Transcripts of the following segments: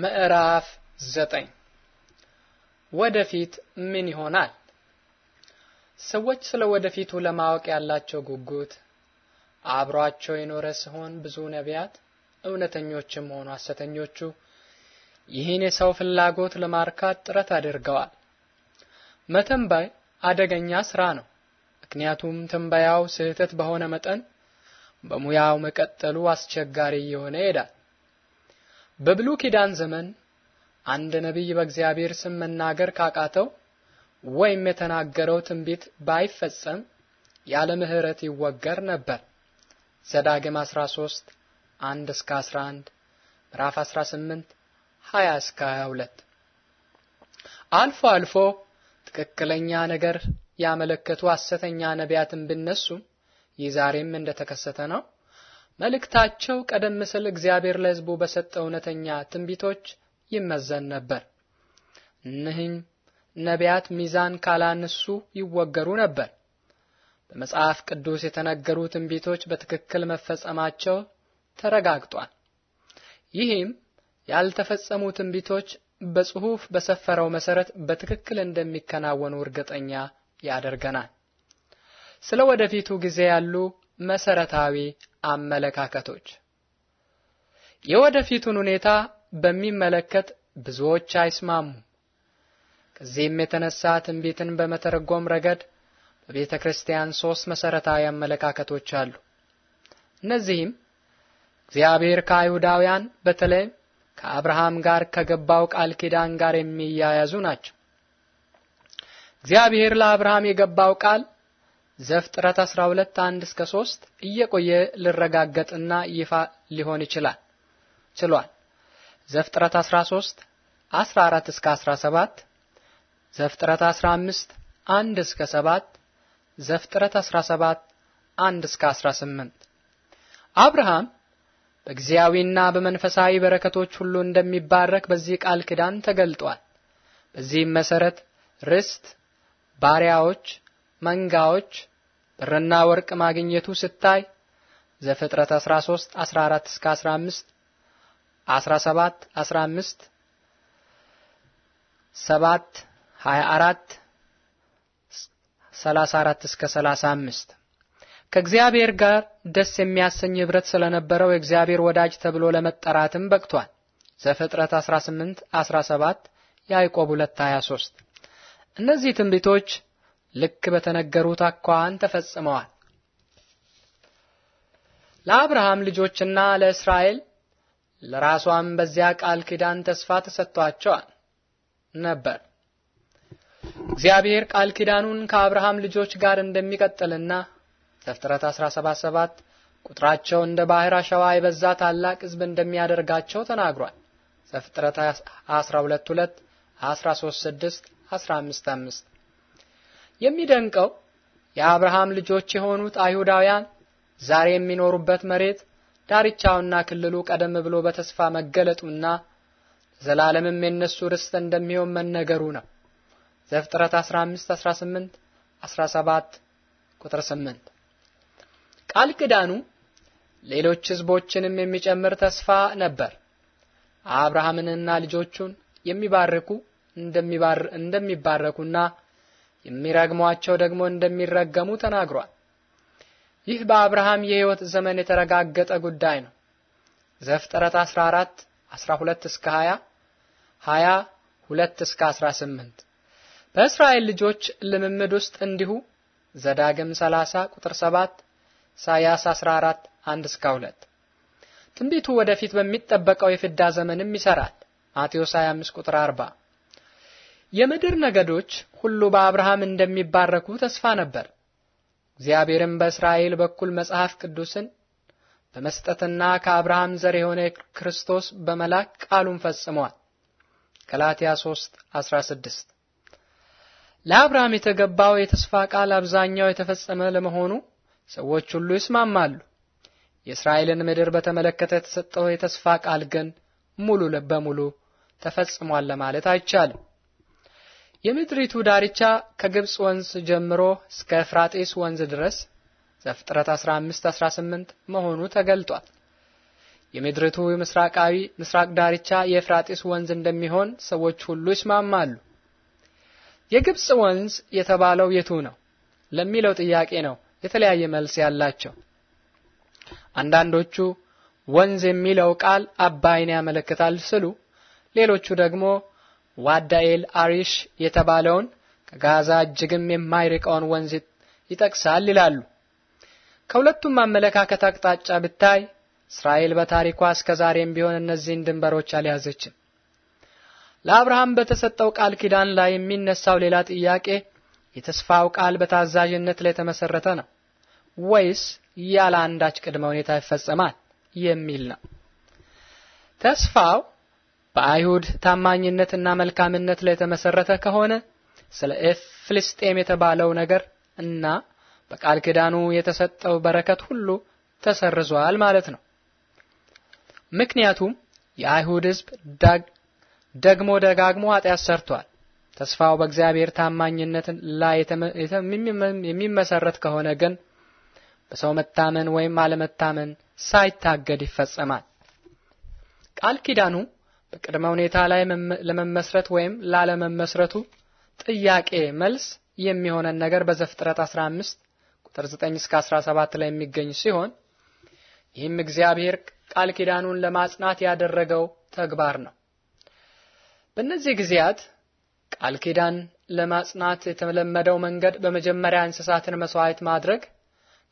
ምዕራፍ ዘጠኝ ወደፊት ምን ይሆናል? ሰዎች ስለ ወደፊቱ ለማወቅ ያላቸው ጉጉት አብሯቸው የኖረ ሲሆን ብዙ ነቢያት እውነተኞችም ሆኑ ሐሰተኞቹ ይህን የሰው ፍላጎት ለማርካት ጥረት አድርገዋል። መተንበይ አደገኛ ስራ ነው። ምክንያቱም ትንበያው ስህተት በሆነ መጠን በሙያው መቀጠሉ አስቸጋሪ እየሆነ ይሄዳል። በብሉይ ኪዳን ዘመን አንድ ነቢይ በእግዚአብሔር ስም መናገር ካቃተው ወይም የተናገረው ትንቢት ባይፈጸም ያለ ምሕረት ይወገር ነበር። ዘዳግም 13 1 እስከ 11 ምዕራፍ 18 20 እስከ 22 አልፎ አልፎ ትክክለኛ ነገር ያመለከቱ ሐሰተኛ ነቢያትን ቢነሱም ይህ ዛሬም እንደተከሰተ ነው። መልእክታቸው ቀደም ሲል እግዚአብሔር ለሕዝቡ በሰጠው እውነተኛ ትንቢቶች ይመዘን ነበር። እነህም ነቢያት ሚዛን ካላነሱ ይወገሩ ነበር። በመጽሐፍ ቅዱስ የተነገሩ ትንቢቶች በትክክል መፈጸማቸው ተረጋግጧል። ይህም ያልተፈጸሙ ትንቢቶች በጽሑፍ በሰፈረው መሰረት በትክክል እንደሚከናወኑ እርግጠኛ ያደርገናል። ስለ ወደፊቱ ጊዜ ያሉ መሰረታዊ አመለካከቶች የወደፊቱን ሁኔታ በሚመለከት ብዙዎች አይስማሙም። ከዚህም የተነሳ ትንቢትን በመተረጎም ረገድ በቤተ ክርስቲያን ሶስት መሰረታዊ አመለካከቶች አሉ። እነዚህም እግዚአብሔር ከአይሁዳውያን በተለይም ከአብርሃም ጋር ከገባው ቃል ኪዳን ጋር የሚያያዙ ናቸው። እግዚአብሔር ለአብርሃም የገባው ቃል ዘፍጥረት 12 1 እስከ 3 እየቆየ ሊረጋገጥና ይፋ ሊሆን ይችላል ችሏል። ዘፍጥረት 13 14 እስከ 17 ዘፍጥረት 15 1 እስከ 7 ዘፍጥረት 17 1 እስከ 18 አብርሃም በጊዜያዊና በመንፈሳዊ በረከቶች ሁሉ እንደሚባረክ በዚህ ቃል ኪዳን ተገልጧል። በዚህም መሰረት ርስት፣ ባሪያዎች፣ መንጋዎች ብርና ወርቅ ማግኘቱ ስታይ ዘፍጥረት 13 14 እስከ 15 17 15 7 24 34 እስከ 35 ከእግዚአብሔር ጋር ደስ የሚያሰኝ ህብረት ስለነበረው የእግዚአብሔር ወዳጅ ተብሎ ለመጠራትም በቅቷል። ዘፍጥረት 18 17 ያዕቆብ 2 23 እነዚህ ትንቢቶች ልክ በተነገሩት አኳኋን ተፈጽመዋል። ለአብርሃም ልጆችና ለእስራኤል ለራሷም በዚያ ቃል ኪዳን ተስፋ ተሰጥቷቸዋል ነበር። እግዚአብሔር ቃል ኪዳኑን ከአብርሃም ልጆች ጋር እንደሚቀጥልና ዘፍጥረት 17:7 ቁጥራቸው እንደ ባህር አሸዋ የበዛ ታላቅ ሕዝብ እንደሚያደርጋቸው ተናግሯል። ዘፍጥረት 12:2፣ 13:6፣ 15:5 የሚደንቀው የአብርሃም ልጆች የሆኑት አይሁዳውያን ዛሬ የሚኖሩበት መሬት ዳርቻውና ክልሉ ቀደም ብሎ በተስፋ መገለጡና ዘላለምም የነሱ ርስት እንደሚሆን መነገሩ ነው። ዘፍጥረት 15 18 17 ቁጥር 8 ቃል ኪዳኑ ሌሎች ህዝቦችንም የሚጨምር ተስፋ ነበር። አብርሃምንና ልጆቹን የሚባርኩ እንደሚባር እንደሚባረኩና የሚረግሟቸው ደግሞ እንደሚረገሙ ተናግሯል። ይህ በአብርሃም የህይወት ዘመን የተረጋገጠ ጉዳይ ነው። ዘፍጥረት 14 12 እስከ 20 20 2 እስከ 18 በእስራኤል ልጆች ልምምድ ውስጥ እንዲሁ ዘዳግም 30 ቁጥር 7 ኢሳያስ 14 1 እስከ 2 ትንቢቱ ወደፊት በሚጠበቀው የፍዳ ዘመንም ይሰራል። ማቴዎስ 25 ቁጥር 40 የምድር ነገዶች ሁሉ በአብርሃም እንደሚባረኩ ተስፋ ነበር። እግዚአብሔርም በእስራኤል በኩል መጽሐፍ ቅዱስን በመስጠትና ከአብርሃም ዘር የሆነ ክርስቶስ በመላክ ቃሉን ፈጽሟል። ገላትያ 3:16 ለአብርሃም የተገባው የተስፋ ቃል አብዛኛው የተፈጸመ ለመሆኑ ሰዎች ሁሉ ይስማማሉ። የእስራኤልን ምድር በተመለከተ የተሰጠው የተስፋ ቃል ግን ሙሉ በሙሉ ተፈጽሟል ለማለት አይቻልም። የምድሪቱ ዳርቻ ከግብጽ ወንዝ ጀምሮ እስከ ፍራጤስ ወንዝ ድረስ ዘፍጥረት 15 18 መሆኑ ተገልጧል። የምድሪቱ ምስራቃዊ ምስራቅ ዳርቻ የፍራጤስ ወንዝ እንደሚሆን ሰዎች ሁሉ ይስማማሉ። የግብጽ ወንዝ የተባለው የቱ ነው ለሚለው ጥያቄ ነው የተለያየ መልስ ያላቸው። አንዳንዶቹ ወንዝ የሚለው ቃል አባይን ያመለክታል ስሉ፣ ሌሎቹ ደግሞ ዋዳኤል አሪሽ የተባለውን ከጋዛ እጅግም የማይርቀውን ወንዝ ይጠቅሳል ይላሉ። ከሁለቱም አመለካከት አቅጣጫ ብታይ እስራኤል በታሪኳ እስከ ዛሬም ቢሆን እነዚህን ድንበሮች አልያዘችም። ለአብርሃም በተሰጠው ቃል ኪዳን ላይ የሚነሳው ሌላ ጥያቄ የተስፋው ቃል በታዛዥነት ላይ የተመሰረተ ነው ወይስ ያለ አንዳች ቅድመ ሁኔታ ይፈጸማል የሚል ነው። ተስፋው በአይሁድ ታማኝነትና መልካምነት ላይ የተመሰረተ ከሆነ ስለ ፍልስጤም የተባለው ነገር እና በቃል ኪዳኑ የተሰጠው በረከት ሁሉ ተሰርዟል ማለት ነው። ምክንያቱም የአይሁድ ሕዝብ ደግሞ ደጋግሞ ኃጢአት ሰርቷል። ተስፋው በእግዚአብሔር ታማኝነት ላይ የሚመሰረት ከሆነ ግን በሰው መታመን ወይም አለመታመን ሳይታገድ ይፈጸማል። ቃል ኪዳኑ በቅድመ ሁኔታ ላይ ለመመስረት ወይም ላለመመስረቱ ጥያቄ መልስ የሚሆነን ነገር በዘፍጥረት 15 ቁጥር 9 እስከ 17 ላይ የሚገኝ ሲሆን ይህም እግዚአብሔር ቃል ኪዳኑን ለማጽናት ያደረገው ተግባር ነው። በእነዚህ ጊዜያት ቃል ኪዳን ለማጽናት የተለመደው መንገድ በመጀመሪያ እንስሳትን መስዋዕት ማድረግ፣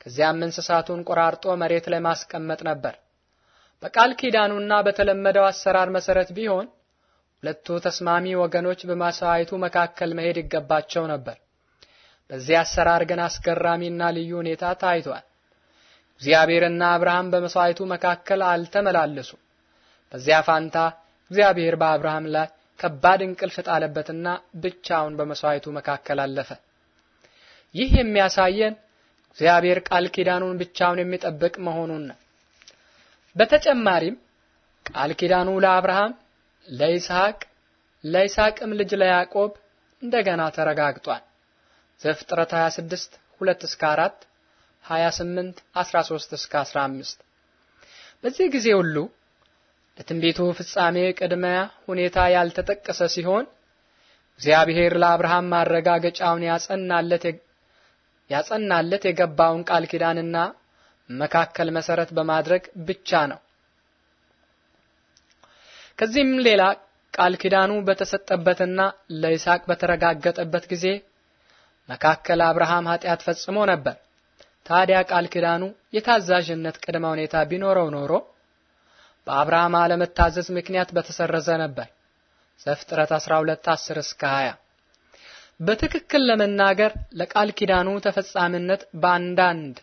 ከዚያም እንስሳቱን ቆራርጦ መሬት ላይ ማስቀመጥ ነበር። በቃል ኪዳኑና በተለመደው አሰራር መሰረት ቢሆን ሁለቱ ተስማሚ ወገኖች በመሥዋዕቱ መካከል መሄድ ይገባቸው ነበር። በዚህ አሰራር ግን አስገራሚና ልዩ ሁኔታ ታይቷል። እግዚአብሔርና አብርሃም በመሥዋዕቱ መካከል አልተመላለሱም። በዚያ ፋንታ እግዚአብሔር በአብርሃም ላይ ከባድ እንቅልፍ ጣለበትና ብቻውን በመሥዋዕቱ መካከል አለፈ። ይህ የሚያሳየን እግዚአብሔር ቃል ኪዳኑን ብቻውን የሚጠብቅ መሆኑን ነው። በተጨማሪም ቃል ኪዳኑ ለአብርሃም፣ ለይስሐቅ፣ ለይስሐቅም ልጅ ለያዕቆብ እንደገና ተረጋግጧል። ዘፍጥረት 26 2 እስከ 4 28 13 እስከ 15 በዚህ ጊዜ ሁሉ ለትንቢቱ ፍጻሜ ቅድሚያ ሁኔታ ያልተጠቀሰ ሲሆን እግዚአብሔር ለአብርሃም ማረጋገጫውን ያጸናለት ያጸናለት የገባውን ቃል ኪዳንና መካከል መሰረት በማድረግ ብቻ ነው። ከዚህም ሌላ ቃል ኪዳኑ በተሰጠበትና ለይስሐቅ በተረጋገጠበት ጊዜ መካከል አብርሃም ኃጢአት ፈጽሞ ነበር። ታዲያ ቃል ኪዳኑ የታዛዥነት ቅድመ ሁኔታ ቢኖረው ኖሮ በአብርሃም አለመታዘዝ ምክንያት በተሰረዘ ነበር። ዘፍጥረት 12 10 እስከ 20 በትክክል ለመናገር ለቃል ኪዳኑ ተፈጻሚነት በአንዳንድ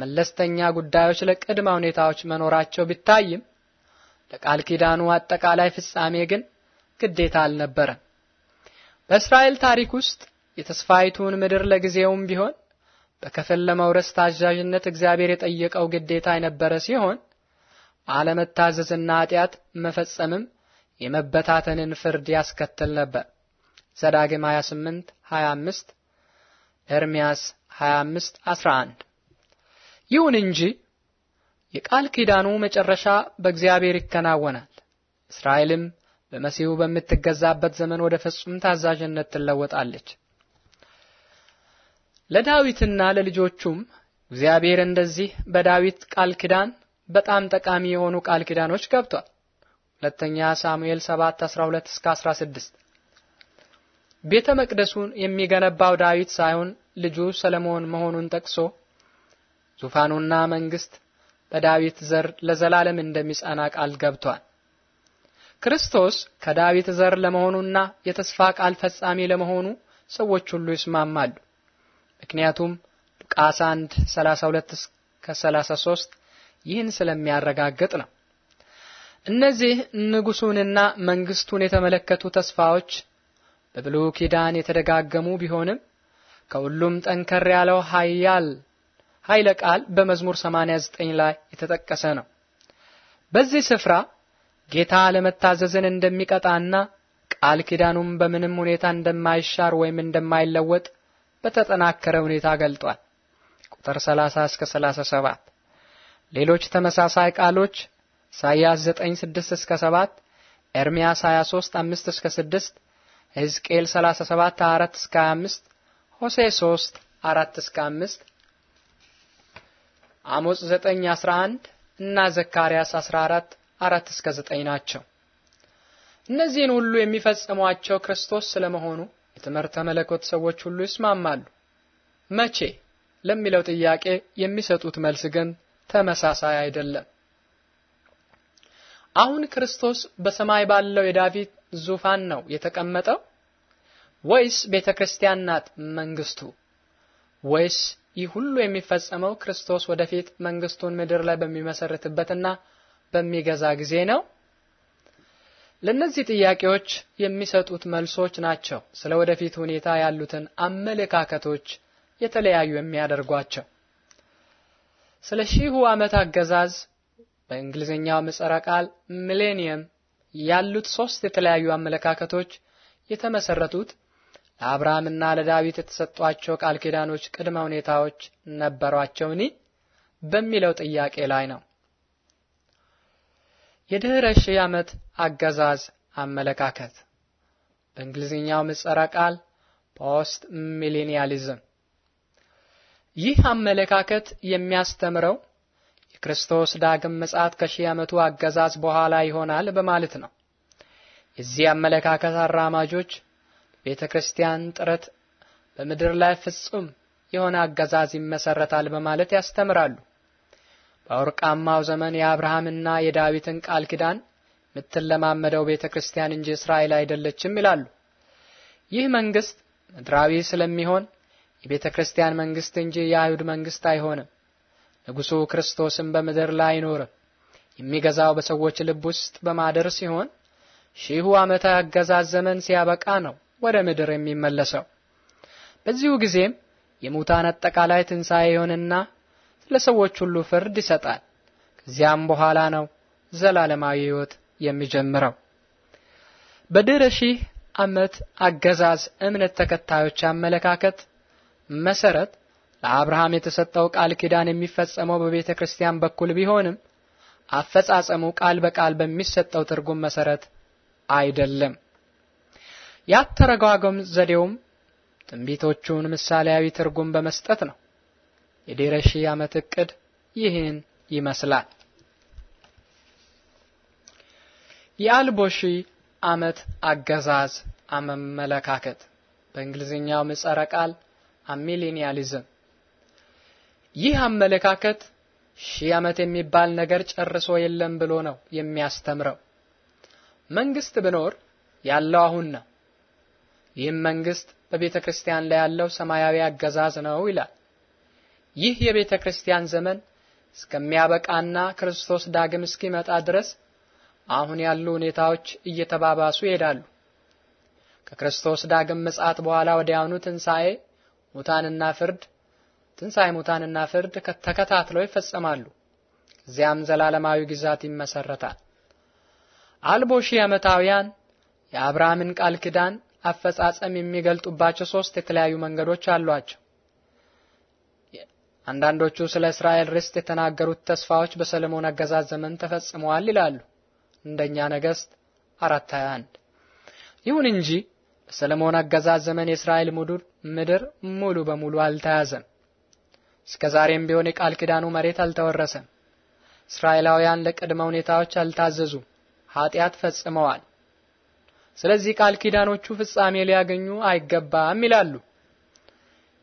መለስተኛ ጉዳዮች ለቅድመ ሁኔታዎች መኖራቸው ቢታይም ለቃል ኪዳኑ አጠቃላይ ፍጻሜ ግን ግዴታ አልነበረም። በእስራኤል ታሪክ ውስጥ የተስፋይቱን ምድር ለጊዜውም ቢሆን በከፊል ለመውረስ ታዛዥነት እግዚአብሔር የጠየቀው ግዴታ የነበረ ሲሆን አለመታዘዝና ኃጢአት መፈጸምም የመበታተንን ፍርድ ያስከትል ነበር። ዘዳግም 28 25 ኤርምያስ 25 11 ይሁን እንጂ የቃል ኪዳኑ መጨረሻ በእግዚአብሔር ይከናወናል። እስራኤልም በመሲሁ በምትገዛበት ዘመን ወደ ፍጹም ታዛዥነት ትለወጣለች። ለዳዊትና ለልጆቹም እግዚአብሔር እንደዚህ በዳዊት ቃል ኪዳን በጣም ጠቃሚ የሆኑ ቃል ኪዳኖች ገብቷል። ሁለተኛ ሳሙኤል 7 12 እስከ 16 ቤተ መቅደሱን የሚገነባው ዳዊት ሳይሆን ልጁ ሰለሞን መሆኑን ጠቅሶ ዙፋኑና መንግስት በዳዊት ዘር ለዘላለም እንደሚጸና ቃል ገብቷል። ክርስቶስ ከዳዊት ዘር ለመሆኑና የተስፋ ቃል ፈጻሚ ለመሆኑ ሰዎች ሁሉ ይስማማሉ። ምክንያቱም ሉቃስ 1 32 እስከ 33 ይህን ስለሚያረጋግጥ ነው። እነዚህ ንጉሱንና መንግስቱን የተመለከቱ ተስፋዎች በብሉይ ኪዳን የተደጋገሙ ቢሆንም ከሁሉም ጠንከር ያለው ኃያል ኃይለ ቃል በመዝሙር 89 ላይ የተጠቀሰ ነው። በዚህ ስፍራ ጌታ አለመታዘዝን እንደሚቀጣና ቃል ኪዳኑም በምንም ሁኔታ እንደማይሻር ወይም እንደማይለወጥ በተጠናከረ ሁኔታ ገልጧል። ቁጥር 30 እስከ 37 ሌሎች ተመሳሳይ ቃሎች ኢሳይያስ 6 እስከ 7፣ ኤርምያስ 5 እስከ 6፣ ሕዝቅኤል 37 4 እስከ 25፣ 3 4 እስከ 5 አሞጽ 9 11 እና ዘካርያስ 14 4 እስከ 9 ናቸው። እነዚህን ሁሉ የሚፈጽሟቸው ክርስቶስ ስለመሆኑ የትምህርተ መለኮት ሰዎች ሁሉ ይስማማሉ። መቼ ለሚለው ጥያቄ የሚሰጡት መልስ ግን ተመሳሳይ አይደለም። አሁን ክርስቶስ በሰማይ ባለው የዳዊት ዙፋን ነው የተቀመጠው ወይስ ቤተክርስቲያን ናት መንግስቱ? ወይስ ይህ ሁሉ የሚፈጸመው ክርስቶስ ወደፊት መንግስቱን ምድር ላይ በሚመሰርትበትና በሚገዛ ጊዜ ነው። ለነዚህ ጥያቄዎች የሚሰጡት መልሶች ናቸው ስለ ወደፊት ሁኔታ ያሉትን አመለካከቶች የተለያዩ የሚያደርጓቸው። ስለ ሺሁ ዓመት አገዛዝ በእንግሊዝኛው ምጽረ ቃል ሚሌኒየም ያሉት ሶስት የተለያዩ አመለካከቶች የተመሰረቱት ለአብርሃምና ለዳዊት የተሰጧቸው ቃል ኪዳኖች ቅድመ ሁኔታዎች ነበሯቸውኒ በሚለው ጥያቄ ላይ ነው። የድህረ ሺህ ዓመት አገዛዝ አመለካከት በእንግሊዝኛው ምጽረ ቃል ፖስት ሚሊኒያሊዝም ይህ አመለካከት የሚያስተምረው የክርስቶስ ዳግም ምጽአት ከሺህ ዓመቱ አገዛዝ በኋላ ይሆናል በማለት ነው። የዚህ አመለካከት አራማጆች ቤተ ክርስቲያን ጥረት በምድር ላይ ፍጹም የሆነ አገዛዝ ይመሰረታል በማለት ያስተምራሉ። በወርቃማው ዘመን የአብርሃምና የዳዊትን ቃል ኪዳን የምትለማመደው ቤተ ክርስቲያን እንጂ እስራኤል አይደለችም ይላሉ። ይህ መንግስት ምድራዊ ስለሚሆን የቤተ ክርስቲያን መንግስት እንጂ የአይሁድ መንግስት አይሆንም። ንጉሡ ክርስቶስም በምድር ላይ አይኖርም። የሚገዛው በሰዎች ልብ ውስጥ በማደር ሲሆን ሺሁ ዓመተ አገዛዝ ዘመን ሲያበቃ ነው። ወደ ምድር የሚመለሰው። በዚሁ ጊዜም የሙታን አጠቃላይ ትንሣኤ ይሆንና ለሰዎች ሁሉ ፍርድ ይሰጣል። ከዚያም በኋላ ነው ዘላለማዊ ሕይወት የሚጀምረው። በድህረ ሺህ ዓመት አገዛዝ እምነት ተከታዮች አመለካከት መሰረት ለአብርሃም የተሰጠው ቃል ኪዳን የሚፈጸመው በቤተ ክርስቲያን በኩል ቢሆንም አፈጻጸሙ ቃል በቃል በሚሰጠው ትርጉም መሰረት አይደለም። የአተረጓጎም ዘዴውም ትንቢቶቹን ምሳሌያዊ ትርጉም በመስጠት ነው። የድኅረ ሺህ ዓመት እቅድ ይህን ይመስላል። የአልቦ ሺህ ዓመት አገዛዝ አመለካከት በእንግሊዝኛው ምጸረ ቃል አሚሊኒያሊዝም። ይህ አመለካከት ሺህ ዓመት የሚባል ነገር ጨርሶ የለም ብሎ ነው የሚያስተምረው። መንግስት ብኖር ያለው አሁን ነው። ይህም መንግስት በቤተ ክርስቲያን ላይ ያለው ሰማያዊ አገዛዝ ነው ይላል። ይህ የቤተ ክርስቲያን ዘመን እስከሚያበቃና ክርስቶስ ዳግም እስኪመጣ ድረስ አሁን ያሉ ሁኔታዎች እየተባባሱ ይሄዳሉ። ከክርስቶስ ዳግም ምጽአት በኋላ ወዲያውኑ ትንሣኤ ሙታንና ፍርድ ትንሣኤ ሙታንና ፍርድ ተከታትለው ይፈጸማሉ። እዚያም ዘላለማዊ ግዛት ይመሰረታል። አልቦ ሺህ ዓመታውያን የአብርሃምን ቃል ኪዳን አፈጻጸም የሚገልጡባቸው ሶስት የተለያዩ መንገዶች አሏቸው። አንዳንዶቹ ስለ እስራኤል ርስት የተናገሩት ተስፋዎች በሰለሞን አገዛዝ ዘመን ተፈጽመዋል ይላሉ። እንደኛ ነገስት 421 ይሁን እንጂ በሰለሞን አገዛዝ ዘመን የእስራኤል ምድር ሙሉ በሙሉ አልተያዘም። እስከ ዛሬም ቢሆን የቃል ኪዳኑ መሬት አልተወረሰም። እስራኤላውያን ለቅድመ ሁኔታዎች አልታዘዙም፣ ኃጢአት ፈጽመዋል። ስለዚህ ቃል ኪዳኖቹ ፍጻሜ ሊያገኙ አይገባም ይላሉ።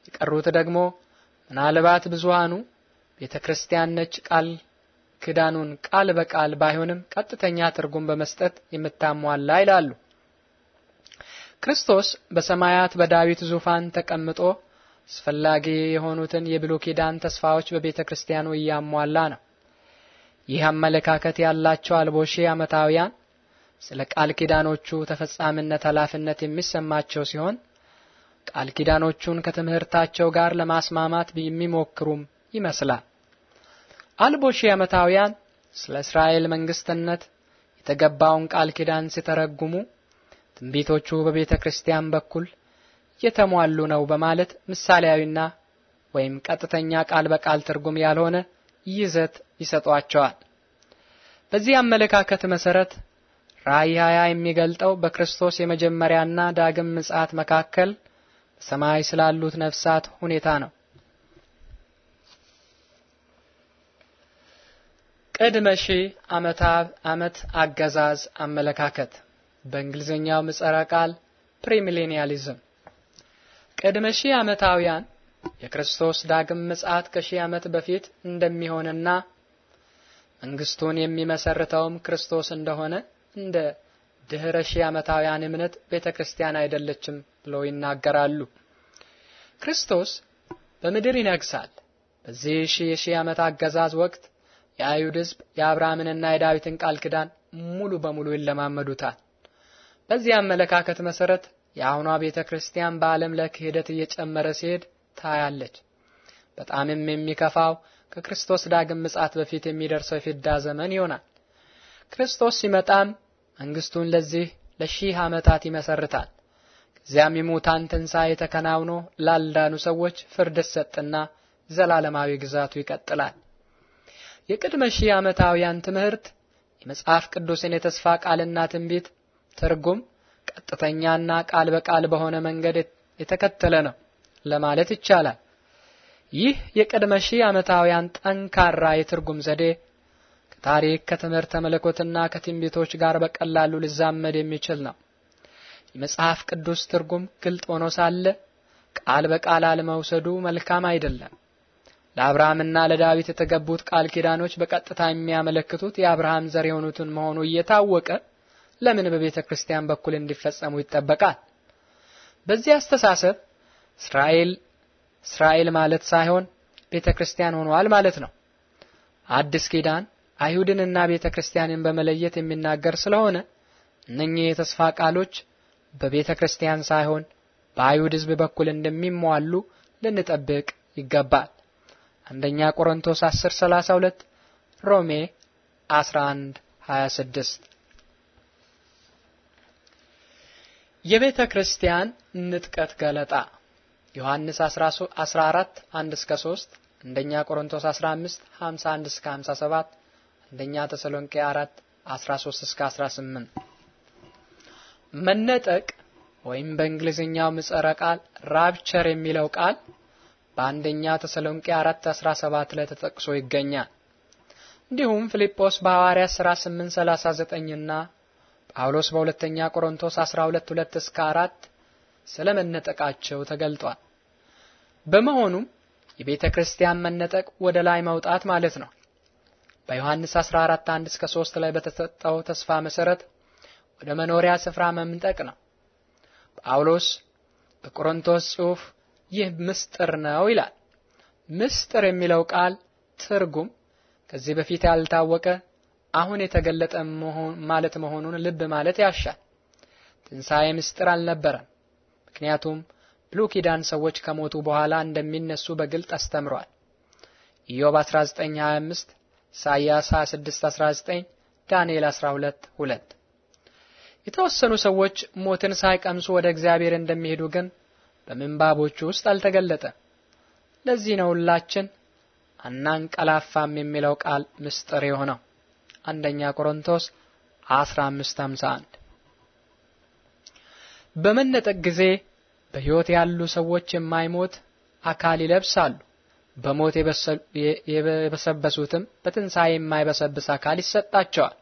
የቀሩት ደግሞ ምናልባት ብዙሃኑ ቤተ ክርስቲያን ነች ቃል ኪዳኑን ቃል በቃል ባይሆንም ቀጥተኛ ትርጉም በመስጠት የምታሟላ ይላሉ። ክርስቶስ በሰማያት በዳዊት ዙፋን ተቀምጦ አስፈላጊ የሆኑትን የብሉይ ኪዳን ተስፋዎች በቤተ ክርስቲያኑ እያሟላ ነው። ይህ አመለካከት ያላቸው አልቦሼ አመታውያን ስለ ቃል ኪዳኖቹ ተፈጻሚነት ኃላፊነት የሚሰማቸው ሲሆን ቃል ኪዳኖቹን ከትምህርታቸው ጋር ለማስማማት የሚሞክሩም ይመስላል። አልቦ ሺህ ዓመታውያን ስለ እስራኤል መንግስትነት የተገባውን ቃል ኪዳን ሲተረጉሙ ትንቢቶቹ በቤተ ክርስቲያን በኩል የተሟሉ ነው በማለት ምሳሌያዊና ወይም ቀጥተኛ ቃል በቃል ትርጉም ያልሆነ ይዘት ይሰጧቸዋል። በዚህ አመለካከት መሰረት ራእይ 20 የሚገልጠው በክርስቶስ የመጀመሪያና ዳግም ምጽአት መካከል በሰማይ ስላሉት ነፍሳት ሁኔታ ነው። ቅድመ ሺህ ዓመት አገዛዝ አመለካከት በእንግሊዝኛው ምጸረ ቃል ፕሪሚሌኒያሊዝም ቅድመ ሺህ ዓመታውያን የክርስቶስ ዳግም ምጽአት ከሺህ ዓመት በፊት እንደሚሆንና መንግስቱን የሚመሰርተውም ክርስቶስ እንደሆነ እንደ ድህረ ሺህ ዓመታውያን እምነት ቤተ ክርስቲያን አይደለችም ብለው ይናገራሉ። ክርስቶስ በምድር ይነግሳል። በዚህ ሺህ የሺህ ዓመት አገዛዝ ወቅት የአይሁድ ሕዝብ የአብርሃምንና የዳዊትን ቃል ኪዳን ሙሉ በሙሉ ይለማመዱታል። በዚህ አመለካከት መሰረት የአሁኗ ቤተ ክርስቲያን በዓለም ለክህደት እየጨመረ ሲሄድ ታያለች። በጣምም የሚከፋው ከክርስቶስ ዳግም ምጻት በፊት የሚደርሰው የፍዳ ዘመን ይሆናል። ክርስቶስ ሲመጣም መንግስቱን ለዚህ ለሺህ ዓመታት ይመሰርታል። ከዚያም የሙታን ትንሣኤ ተከናውኖ ላልዳኑ ሰዎች ፍርድ ሰጥና ዘላለማዊ ግዛቱ ይቀጥላል። የቅድመ ሺህ ዓመታውያን ትምህርት የመጽሐፍ ቅዱስን የተስፋ ቃልና ትንቢት ትርጉም ቀጥተኛና ቃል በቃል በሆነ መንገድ የተከተለ ነው ለማለት ይቻላል። ይህ የቅድመ ሺህ ዓመታውያን ጠንካራ የትርጉም ዘዴ ታሪክ ከትምህርተ መለኮትና ከትንቢቶች ጋር በቀላሉ ሊዛመድ የሚችል ነው። የመጽሐፍ ቅዱስ ትርጉም ግልጥ ሆኖ ሳለ ቃል በቃል አለመውሰዱ መልካም አይደለም። ለአብርሃምና ለዳዊት የተገቡት ቃል ኪዳኖች በቀጥታ የሚያመለክቱት የአብርሃም ዘር የሆኑትን መሆኑ እየታወቀ ለምን በቤተ ክርስቲያን በኩል እንዲፈጸሙ ይጠበቃል? በዚህ አስተሳሰብ እስራኤል እስራኤል ማለት ሳይሆን ቤተ ክርስቲያን ሆኗል ማለት ነው። አዲስ ኪዳን አይሁድንና ቤተ ክርስቲያንን በመለየት የሚናገር ስለሆነ እነኚህ የተስፋ ቃሎች በቤተ ክርስቲያን ሳይሆን በአይሁድ ሕዝብ በኩል እንደሚሟሉ ልንጠብቅ ይገባል። አንደኛ ቆሮንቶስ 10:32 ሮሜ 11:26 የቤተ ክርስቲያን ንጥቀት ገለጣ ዮሐንስ 14 1 እስከ 3 አንደኛ ቆሮንቶስ 15 51 እስከ 57 አንደኛ ተሰሎንቄ 4 13 እስከ 18 መነጠቅ ወይም በእንግሊዝኛው ምጸረ ቃል ራፕቸር የሚለው ቃል በአንደኛ ተሰሎንቄ 4 17 ላይ ተጠቅሶ ይገኛል። እንዲሁም ፊልጶስ በሐዋርያት ሥራ 8:39 እና ጳውሎስ በሁለተኛ ቆሮንቶስ 12:2 እስከ 4 ስለመነጠቃቸው ተገልጧል። በመሆኑም የቤተ ክርስቲያን መነጠቅ ወደ ላይ መውጣት ማለት ነው። በዮሐንስ 14 1 እስከ 3 ላይ በተሰጠው ተስፋ መሰረት ወደ መኖሪያ ስፍራ መምጠቅ ነው። ጳውሎስ በቆሮንቶስ ጽሑፍ ይህ ምስጢር ነው ይላል። ምስጢር የሚለው ቃል ትርጉም ከዚህ በፊት ያልታወቀ አሁን የተገለጠ ማለት መሆኑን ልብ ማለት ያሻል። ትንሣኤ ምስጢር አልነበረም፣ ምክንያቱም ብሉይ ኪዳን ሰዎች ከሞቱ በኋላ እንደሚነሱ በግልጥ አስተምሯል። ኢዮብ 19:25 ኢሳይያስ 26:19 ዳንኤል 12:2 የተወሰኑ ሰዎች ሞትን ሳይቀምሱ ወደ እግዚአብሔር እንደሚሄዱ ግን በምንባቦቹ ውስጥ አልተገለጠም። ለዚህ ነው ሁላችን አናንቀላፋም የሚለው ቃል ምስጢር የሆነው። አንደኛ ቆሮንቶስ 15:51 በመነጠቅ ጊዜ በሕይወት ያሉ ሰዎች የማይሞት አካል ይለብሳሉ በሞት የበሰበሱትም በትንሣኤ የማይበሰብስ አካል ይሰጣቸዋል።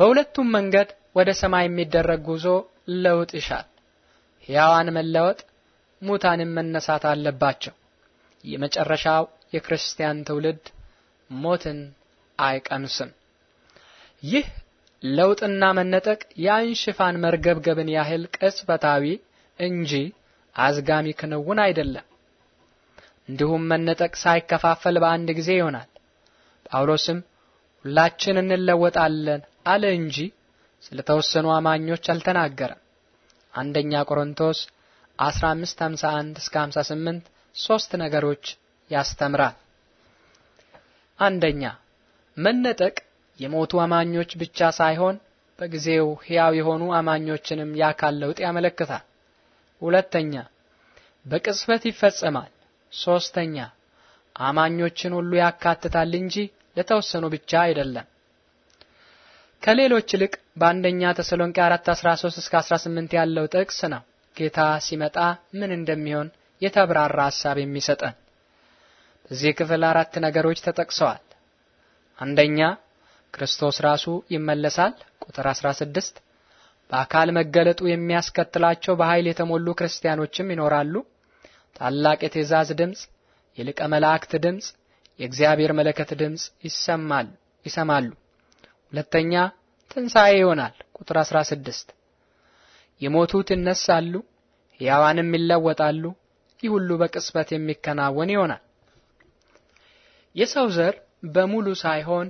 በሁለቱም መንገድ ወደ ሰማይ የሚደረግ ጉዞ ለውጥ ይሻል። ሕያዋን መለወጥ፣ ሙታንም መነሳት አለባቸው። የመጨረሻው የክርስቲያን ትውልድ ሞትን አይቀምስም። ይህ ለውጥና መነጠቅ የአይን ሽፋን መርገብገብን ያህል ቅጽበታዊ እንጂ አዝጋሚ ክንውን አይደለም። እንዲሁም መነጠቅ ሳይከፋፈል በአንድ ጊዜ ይሆናል። ጳውሎስም ሁላችን እንለወጣለን አለ እንጂ ስለ ተወሰኑ አማኞች አልተናገረም። አንደኛ ቆሮንቶስ 1551 እስከ 58 ሶስት ነገሮች ያስተምራል። አንደኛ መነጠቅ የሞቱ አማኞች ብቻ ሳይሆን በጊዜው ሕያው የሆኑ አማኞችንም የአካል ለውጥ ያመለክታል። ሁለተኛ በቅጽበት ይፈጸማል። ሶስተኛ አማኞችን ሁሉ ያካትታል እንጂ ለተወሰኑ ብቻ አይደለም። ከሌሎች ይልቅ በአንደኛ ተሰሎንቄ 4:13 እስከ 18 ያለው ጥቅስ ነው ጌታ ሲመጣ ምን እንደሚሆን የተብራራ ሐሳብ የሚሰጠን። በዚህ ክፍል አራት ነገሮች ተጠቅሰዋል። አንደኛ ክርስቶስ ራሱ ይመለሳል፣ ቁጥር 16 በአካል መገለጡ የሚያስከትላቸው በኃይል የተሞሉ ክርስቲያኖችም ይኖራሉ። ታላቅ የትእዛዝ ድምፅ፣ የሊቀ መላእክት ድምፅ፣ የእግዚአብሔር መለከት ድምፅ ይሰማሉ። ሁለተኛ ትንሣኤ ይሆናል። ቁጥር 16 የሞቱት ይነሳሉ፣ ሕያዋንም ይለወጣሉ። ይህ ሁሉ በቅጽበት የሚከናወን ይሆናል። የሰው ዘር በሙሉ ሳይሆን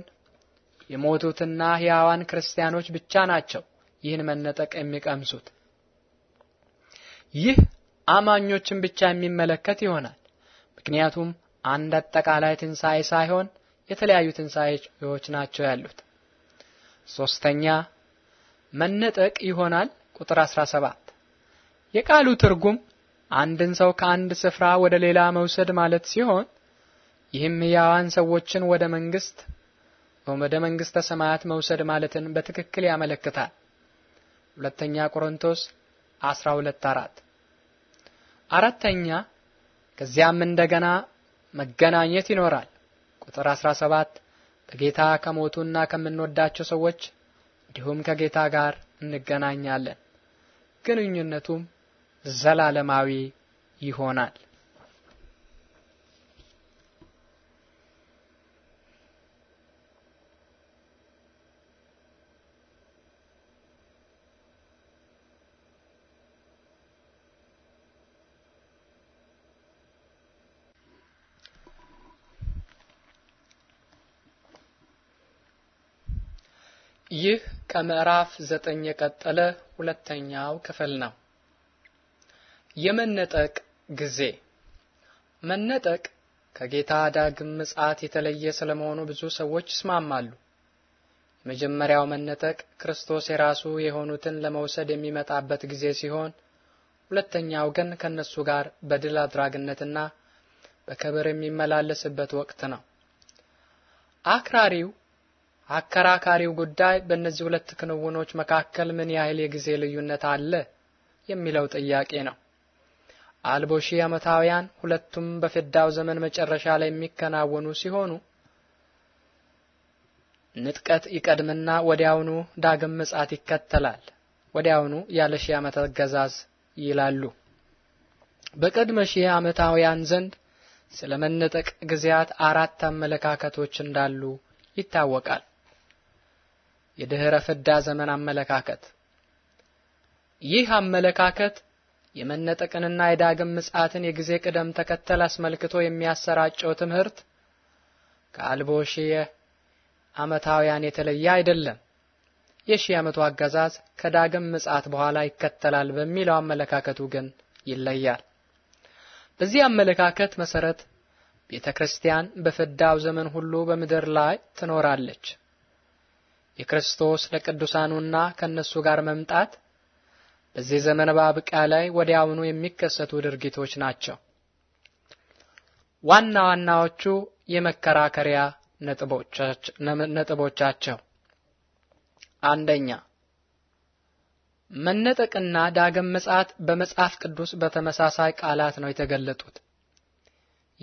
የሞቱትና ሕያዋን ክርስቲያኖች ብቻ ናቸው ይህን መነጠቅ የሚቀምሱት። ይህ አማኞችን ብቻ የሚመለከት ይሆናል። ምክንያቱም አንድ አጠቃላይ ትንሣኤ ሳይሆን የተለያዩ ትንሣኤዎች ናቸው ያሉት። ሶስተኛ መነጠቅ ይሆናል። ቁጥር 17 የቃሉ ትርጉም አንድን ሰው ከአንድ ስፍራ ወደ ሌላ መውሰድ ማለት ሲሆን ይህም ሕያዋን ሰዎችን ወደ መንግስት ወደ መንግስተ ሰማያት መውሰድ ማለትን በትክክል ያመለክታል። ሁለተኛ ቆሮንቶስ 12 አራት አራተኛ ከዚያም እንደገና መገናኘት ይኖራል። ቁጥር 17 በጌታ ከሞቱና ከምንወዳቸው ሰዎች እንዲሁም ከጌታ ጋር እንገናኛለን። ግንኙነቱም ዘላለማዊ ይሆናል። ይህ ከምዕራፍ ዘጠኝ የቀጠለ ሁለተኛው ክፍል ነው። የመነጠቅ ጊዜ መነጠቅ ከጌታ ዳግም ምጽአት የተለየ ስለመሆኑ ብዙ ሰዎች ይስማማሉ። የመጀመሪያው መነጠቅ ክርስቶስ የራሱ የሆኑትን ለመውሰድ የሚመጣበት ጊዜ ሲሆን፣ ሁለተኛው ግን ከእነሱ ጋር በድል አድራጊነትና በክብር የሚመላለስበት ወቅት ነው። አክራሪው አከራካሪው ጉዳይ በእነዚህ ሁለት ክንውኖች መካከል ምን ያህል የጊዜ ልዩነት አለ የሚለው ጥያቄ ነው። አልቦሺ ዓመታውያን ሁለቱም በፍዳው ዘመን መጨረሻ ላይ የሚከናወኑ ሲሆኑ ንጥቀት ይቀድምና ወዲያውኑ ዳግም ምጻት ይከተላል። ወዲያውኑ ያለ ሺህ ዓመት አገዛዝ ይላሉ። በቅድመ ሺህ ዓመታውያን ዘንድ ስለ መነጠቅ ጊዜያት አራት አመለካከቶች እንዳሉ ይታወቃል። የድህረ ፍዳ ዘመን አመለካከት ይህ አመለካከት የመነጠቅንና የዳግም ምጽአትን የጊዜ ቅደም ተከተል አስመልክቶ የሚያሰራጨው ትምህርት ከአልቦ ሺህ ዓመታውያን የተለየ አይደለም። የሺህ ዓመቱ አገዛዝ ከዳግም ምጽአት በኋላ ይከተላል በሚለው አመለካከቱ ግን ይለያል። በዚህ አመለካከት መሰረት ቤተ ክርስቲያን በፍዳው ዘመን ሁሉ በምድር ላይ ትኖራለች። የክርስቶስ ለቅዱሳኑና ከነሱ ጋር መምጣት በዚህ ዘመን በአብቂያ ላይ ወዲያውኑ የሚከሰቱ ድርጊቶች ናቸው። ዋና ዋናዎቹ የመከራከሪያ ነጥቦቻቸው አንደኛ መነጠቅና ዳግም ምጽአት በመጽሐፍ ቅዱስ በተመሳሳይ ቃላት ነው የተገለጡት።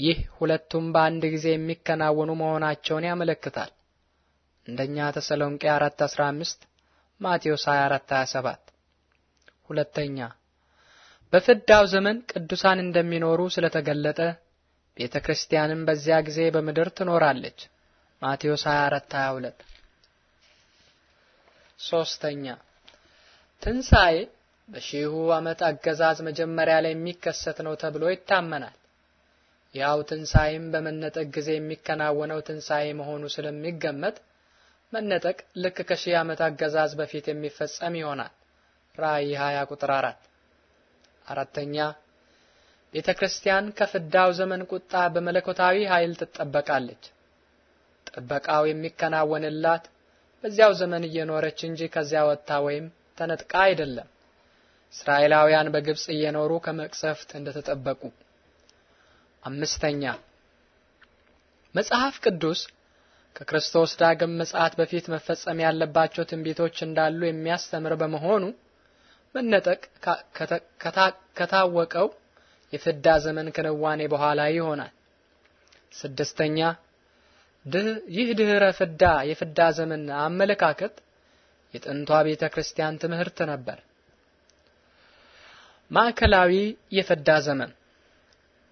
ይህ ሁለቱም በአንድ ጊዜ የሚከናወኑ መሆናቸውን ያመለክታል። አንደኛ ተሰሎንቄ 4 15 ማቴዎስ 24 27። ሁለተኛ በፍዳው ዘመን ቅዱሳን እንደሚኖሩ ስለተገለጠ ቤተ ክርስቲያንም በዚያ ጊዜ በምድር ትኖራለች። ማቴዎስ 24 22። ሶስተኛ ትንሣኤ በሺሁ ዓመት አገዛዝ መጀመሪያ ላይ የሚከሰት ነው ተብሎ ይታመናል። ያው ትንሣኤም በመነጠቅ ጊዜ የሚከናወነው ትንሣኤ መሆኑ ስለሚገመት መነጠቅ ልክ ከሺህ ዓመት አገዛዝ በፊት የሚፈጸም ይሆናል። ራእይ 20 ቁጥር 4። አራተኛ ቤተ ክርስቲያን ከፍዳው ዘመን ቁጣ በመለኮታዊ ኃይል ትጠበቃለች። ጥበቃው የሚከናወንላት በዚያው ዘመን እየኖረች እንጂ ከዚያ ወጥታ ወይም ተነጥቃ አይደለም። እስራኤላውያን በግብጽ እየኖሩ ከመቅሰፍት እንደተጠበቁ። አምስተኛ መጽሐፍ ቅዱስ ከክርስቶስ ዳግም ምጽአት በፊት መፈጸም ያለባቸው ትንቢቶች እንዳሉ የሚያስተምር በመሆኑ መነጠቅ ከታወቀው የፍዳ ዘመን ክንዋኔ በኋላ ይሆናል። ስድስተኛ ይህ ድህረ ፍዳ የፍዳ ዘመን አመለካከት የጥንቷ ቤተ ክርስቲያን ትምህርት ነበር። ማዕከላዊ የፍዳ ዘመን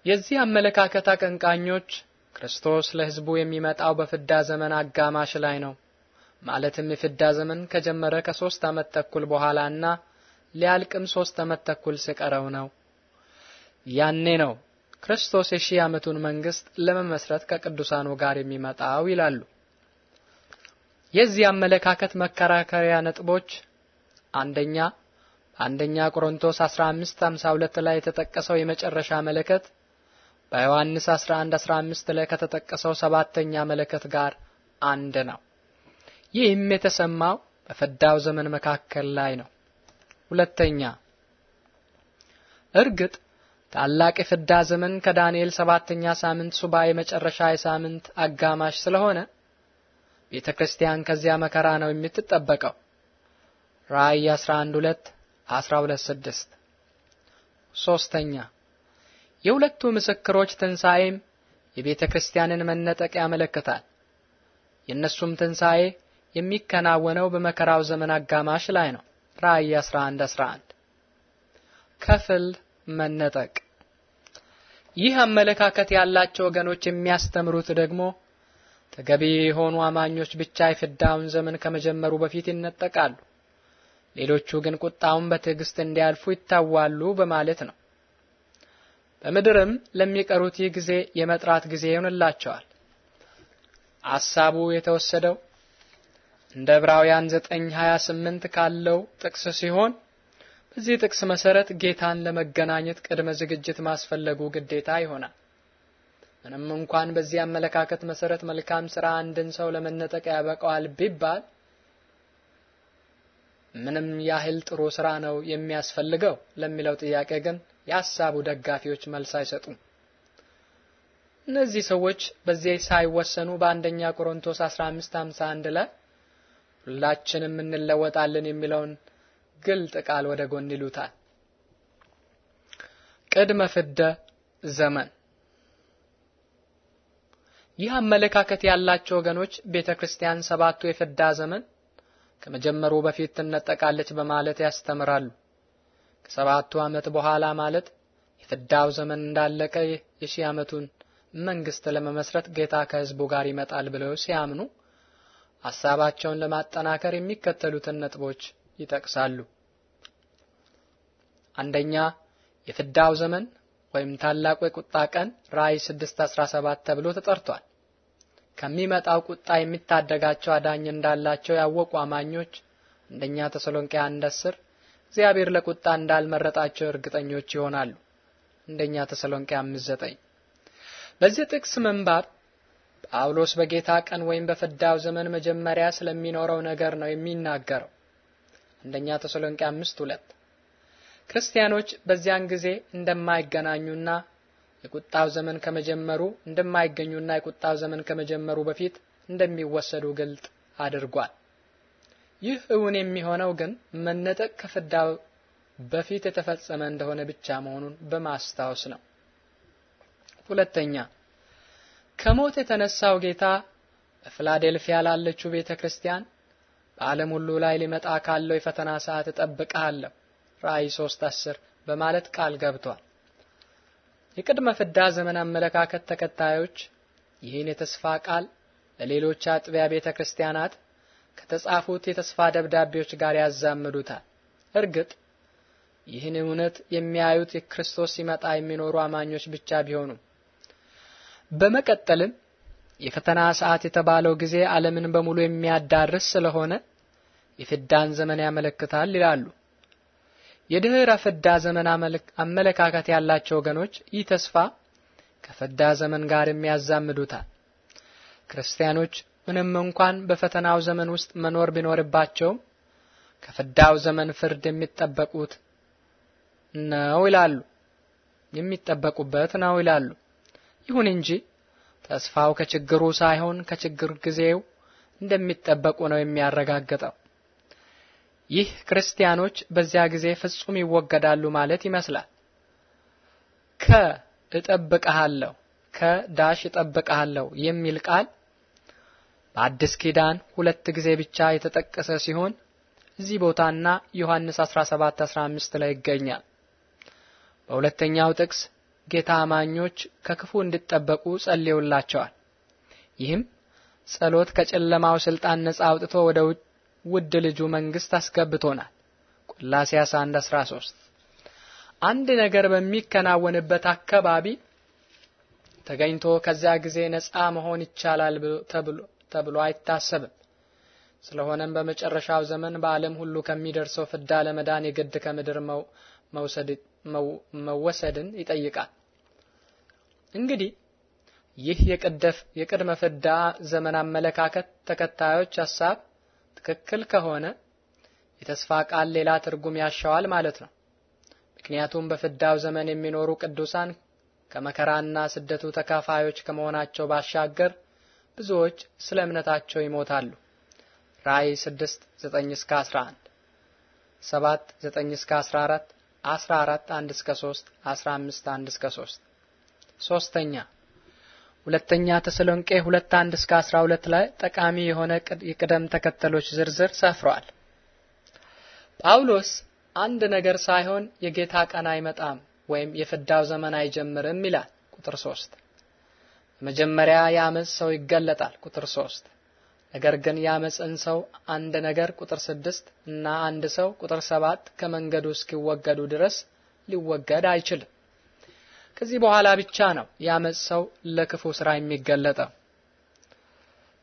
የዚህ አመለካከት አቀንቃኞች ክርስቶስ ለሕዝቡ የሚመጣው በፍዳ ዘመን አጋማሽ ላይ ነው። ማለትም የፍዳ ዘመን ከጀመረ ከሶስት ዓመት ተኩል በኋላና ሊያልቅም ሶስት ዓመት ተኩል ሲቀረው ነው። ያኔ ነው ክርስቶስ የሺህ ዓመቱን መንግስት ለመመስረት ከቅዱሳኑ ጋር የሚመጣው ይላሉ። የዚህ አመለካከት መከራከሪያ ነጥቦች አንደኛ አንደኛ ቆሮንቶስ 15:52 ላይ የተጠቀሰው የመጨረሻ መለከት በዮሐንስ 11 15 ላይ ከተጠቀሰው ሰባተኛ መለከት ጋር አንድ ነው። ይህም የተሰማው በፈዳው ዘመን መካከል ላይ ነው። ሁለተኛ እርግጥ ታላቅ የፍዳ ዘመን ከዳንኤል ሰባተኛ ሳምንት ሱባኤ መጨረሻ የሳምንት አጋማሽ ስለሆነ ቤተ ክርስቲያን ከዚያ መከራ ነው የምትጠበቀው። ራእይ 11 2 12 6 ሶስተኛ የሁለቱ ምስክሮች ትንሣኤም የቤተ ክርስቲያንን መነጠቅ ያመለክታል። የእነሱም ትንሣኤ የሚከናወነው በመከራው ዘመን አጋማሽ ላይ ነው። ራእይ 11 11 ከፍል መነጠቅ። ይህ አመለካከት ያላቸው ወገኖች የሚያስተምሩት ደግሞ ተገቢ የሆኑ አማኞች ብቻ የፍዳውን ዘመን ከመጀመሩ በፊት ይነጠቃሉ፣ ሌሎቹ ግን ቁጣውን በትዕግስት እንዲያልፉ ይታዋሉ በማለት ነው። በምድርም ለሚቀሩት ይህ ጊዜ የመጥራት ጊዜ ይሆንላቸዋል። አሳቡ የተወሰደው እንደ ዕብራውያን 9:28 ካለው ጥቅስ ሲሆን በዚህ ጥቅስ መሰረት ጌታን ለመገናኘት ቅድመ ዝግጅት ማስፈለጉ ግዴታ ይሆናል። ምንም እንኳን በዚህ አመለካከት መሰረት መልካም ሥራ አንድን ሰው ለመነጠቅ ያበቃዋል ቢባል ምንም ያህል ጥሩ ስራ ነው የሚያስፈልገው ለሚለው ጥያቄ ግን የሀሳቡ ደጋፊዎች መልስ አይሰጡም። እነዚህ ሰዎች በዚህ ሳይወሰኑ በአንደኛ ቆሮንቶስ 15:51 ላይ ሁላችንም እንለወጣለን የሚለውን ግልጥ ቃል ወደ ጎን ይሉታል። ቅድመ ፍደ ዘመን ይህ አመለካከት ያላቸው ወገኖች ቤተክርስቲያን ሰባቱ የፍዳ ዘመን ከመጀመሩ በፊት ትነጠቃለች በማለት ያስተምራሉ። ከሰባቱ ዓመት በኋላ ማለት የፍዳው ዘመን እንዳለቀ የሺህ ዓመቱን መንግስት ለመመስረት ጌታ ከህዝቡ ጋር ይመጣል ብለው ሲያምኑ ሀሳባቸውን ለማጠናከር የሚከተሉትን ነጥቦች ይጠቅሳሉ። አንደኛ የፍዳው ዘመን ወይም ታላቁ የቁጣ ቀን ራእይ 6:17 ተብሎ ተጠርቷል። ከሚመጣው ቁጣ የሚታደጋቸው አዳኝ እንዳላቸው ያወቁ አማኞች አንደኛ ተሰሎንቄ 1 10 እግዚአብሔር ለቁጣ እንዳልመረጣቸው እርግጠኞች ይሆናሉ። አንደኛ ተሰሎንቄ 5 በዚህ ጥቅስ መንባብ ጳውሎስ በጌታ ቀን ወይም በፈዳው ዘመን መጀመሪያ ስለሚኖረው ነገር ነው የሚናገረው። አንደኛ ተሰሎንቄ 5 2 ክርስቲያኖች በዚያን ጊዜ እንደማይገናኙና የቁጣው ዘመን ከመጀመሩ እንደማይገኙና የቁጣው ዘመን ከመጀመሩ በፊት እንደሚወሰዱ ግልጥ አድርጓል። ይህ እውን የሚሆነው ግን መነጠቅ ከፍዳው በፊት የተፈጸመ እንደሆነ ብቻ መሆኑን በማስታወስ ነው። ሁለተኛ ከሞት የተነሳው ጌታ በፊላዴልፊያ ላለችው ቤተ ክርስቲያን በዓለም ሁሉ ላይ ሊመጣ ካለው የፈተና ሰዓት እጠብቅሃለሁ ራእይ 3 10 በማለት ቃል ገብቷል። የቅድመ ፍዳ ዘመን አመለካከት ተከታዮች ይህን የተስፋ ቃል ለሌሎች አጥቢያ ቤተ ክርስቲያናት ከተጻፉት የተስፋ ደብዳቤዎች ጋር ያዛምዱታል። እርግጥ ይህን እውነት የሚያዩት የክርስቶስ ሲመጣ የሚኖሩ አማኞች ብቻ ቢሆኑም በመቀጠልም የፈተና ሰዓት የተባለው ጊዜ ዓለምን በሙሉ የሚያዳርስ ስለሆነ የፍዳን ዘመን ያመለክታል ይላሉ። የድህረ ፍዳ ዘመን አመለካከት ያላቸው ወገኖች ይህ ተስፋ ከፍዳ ዘመን ጋር የሚያዛምዱታል። ክርስቲያኖች ምንም እንኳን በፈተናው ዘመን ውስጥ መኖር ቢኖርባቸውም ከፍዳው ዘመን ፍርድ የሚጠበቁት ነው ይላሉ የሚጠበቁበት ነው ይላሉ። ይሁን እንጂ ተስፋው ከችግሩ ሳይሆን ከችግር ጊዜው እንደሚጠበቁ ነው የሚያረጋግጠው። ይህ ክርስቲያኖች በዚያ ጊዜ ፍጹም ይወገዳሉ ማለት ይመስላል። ከ እጠብቀሃለሁ ከዳሽ እጠብቀሃለሁ የሚል ቃል በአዲስ ኪዳን ሁለት ጊዜ ብቻ የተጠቀሰ ሲሆን እዚህ ቦታና ዮሐንስ 1715 ላይ ይገኛል። በሁለተኛው ጥቅስ ጌታ አማኞች ከክፉ እንዲጠበቁ ጸልዮላቸዋል። ይህም ጸሎት ከጨለማው ስልጣን ነጻ አውጥቶ ወደ ውጭ ውድ ልጁ መንግስት አስገብቶናል። ቆላስያስ 1:13 አንድ ነገር በሚከናወንበት አካባቢ ተገኝቶ ከዚያ ጊዜ ነፃ መሆን ይቻላል ተብሎ አይታሰብም። ስለሆነም በመጨረሻው ዘመን በዓለም ሁሉ ከሚደርሰው ፍዳ ለመዳን የግድ ከምድር መወሰድን ይጠይቃል። እንግዲህ ይህ የቅድመ ፍዳ ዘመን አመለካከት ተከታዮች ሐሳብ ትክክል ከሆነ የተስፋ ቃል ሌላ ትርጉም ያሻዋል ማለት ነው። ምክንያቱም በፍዳው ዘመን የሚኖሩ ቅዱሳን ከመከራና ስደቱ ተካፋዮች ከመሆናቸው ባሻገር ብዙዎች ስለ እምነታቸው ይሞታሉ። ራእይ 6 9 እስከ 11 7 9 እስከ 14 14 1 እስከ 3 15 1 እስከ 3 ሶስተኛ ሁለተኛ ተሰሎንቄ ሁለት አንድ እስከ 12 ላይ ጠቃሚ የሆነ የቅደም ተከተሎች ዝርዝር ሰፍሯል። ጳውሎስ አንድ ነገር ሳይሆን የጌታ ቀን አይመጣም ወይም የፍዳው ዘመን አይጀምርም ይላል። ቁጥር 3 መጀመሪያ የአመፅ ሰው ይገለጣል። ቁጥር 3 ነገር ግን የአመፅን ሰው አንድ ነገር ቁጥር 6 እና አንድ ሰው ቁጥር 7 ከመንገዱ እስኪወገዱ ድረስ ሊወገድ አይችልም። ከዚህ በኋላ ብቻ ነው የአመፅ ሰው ለክፉ ስራ የሚገለጠው።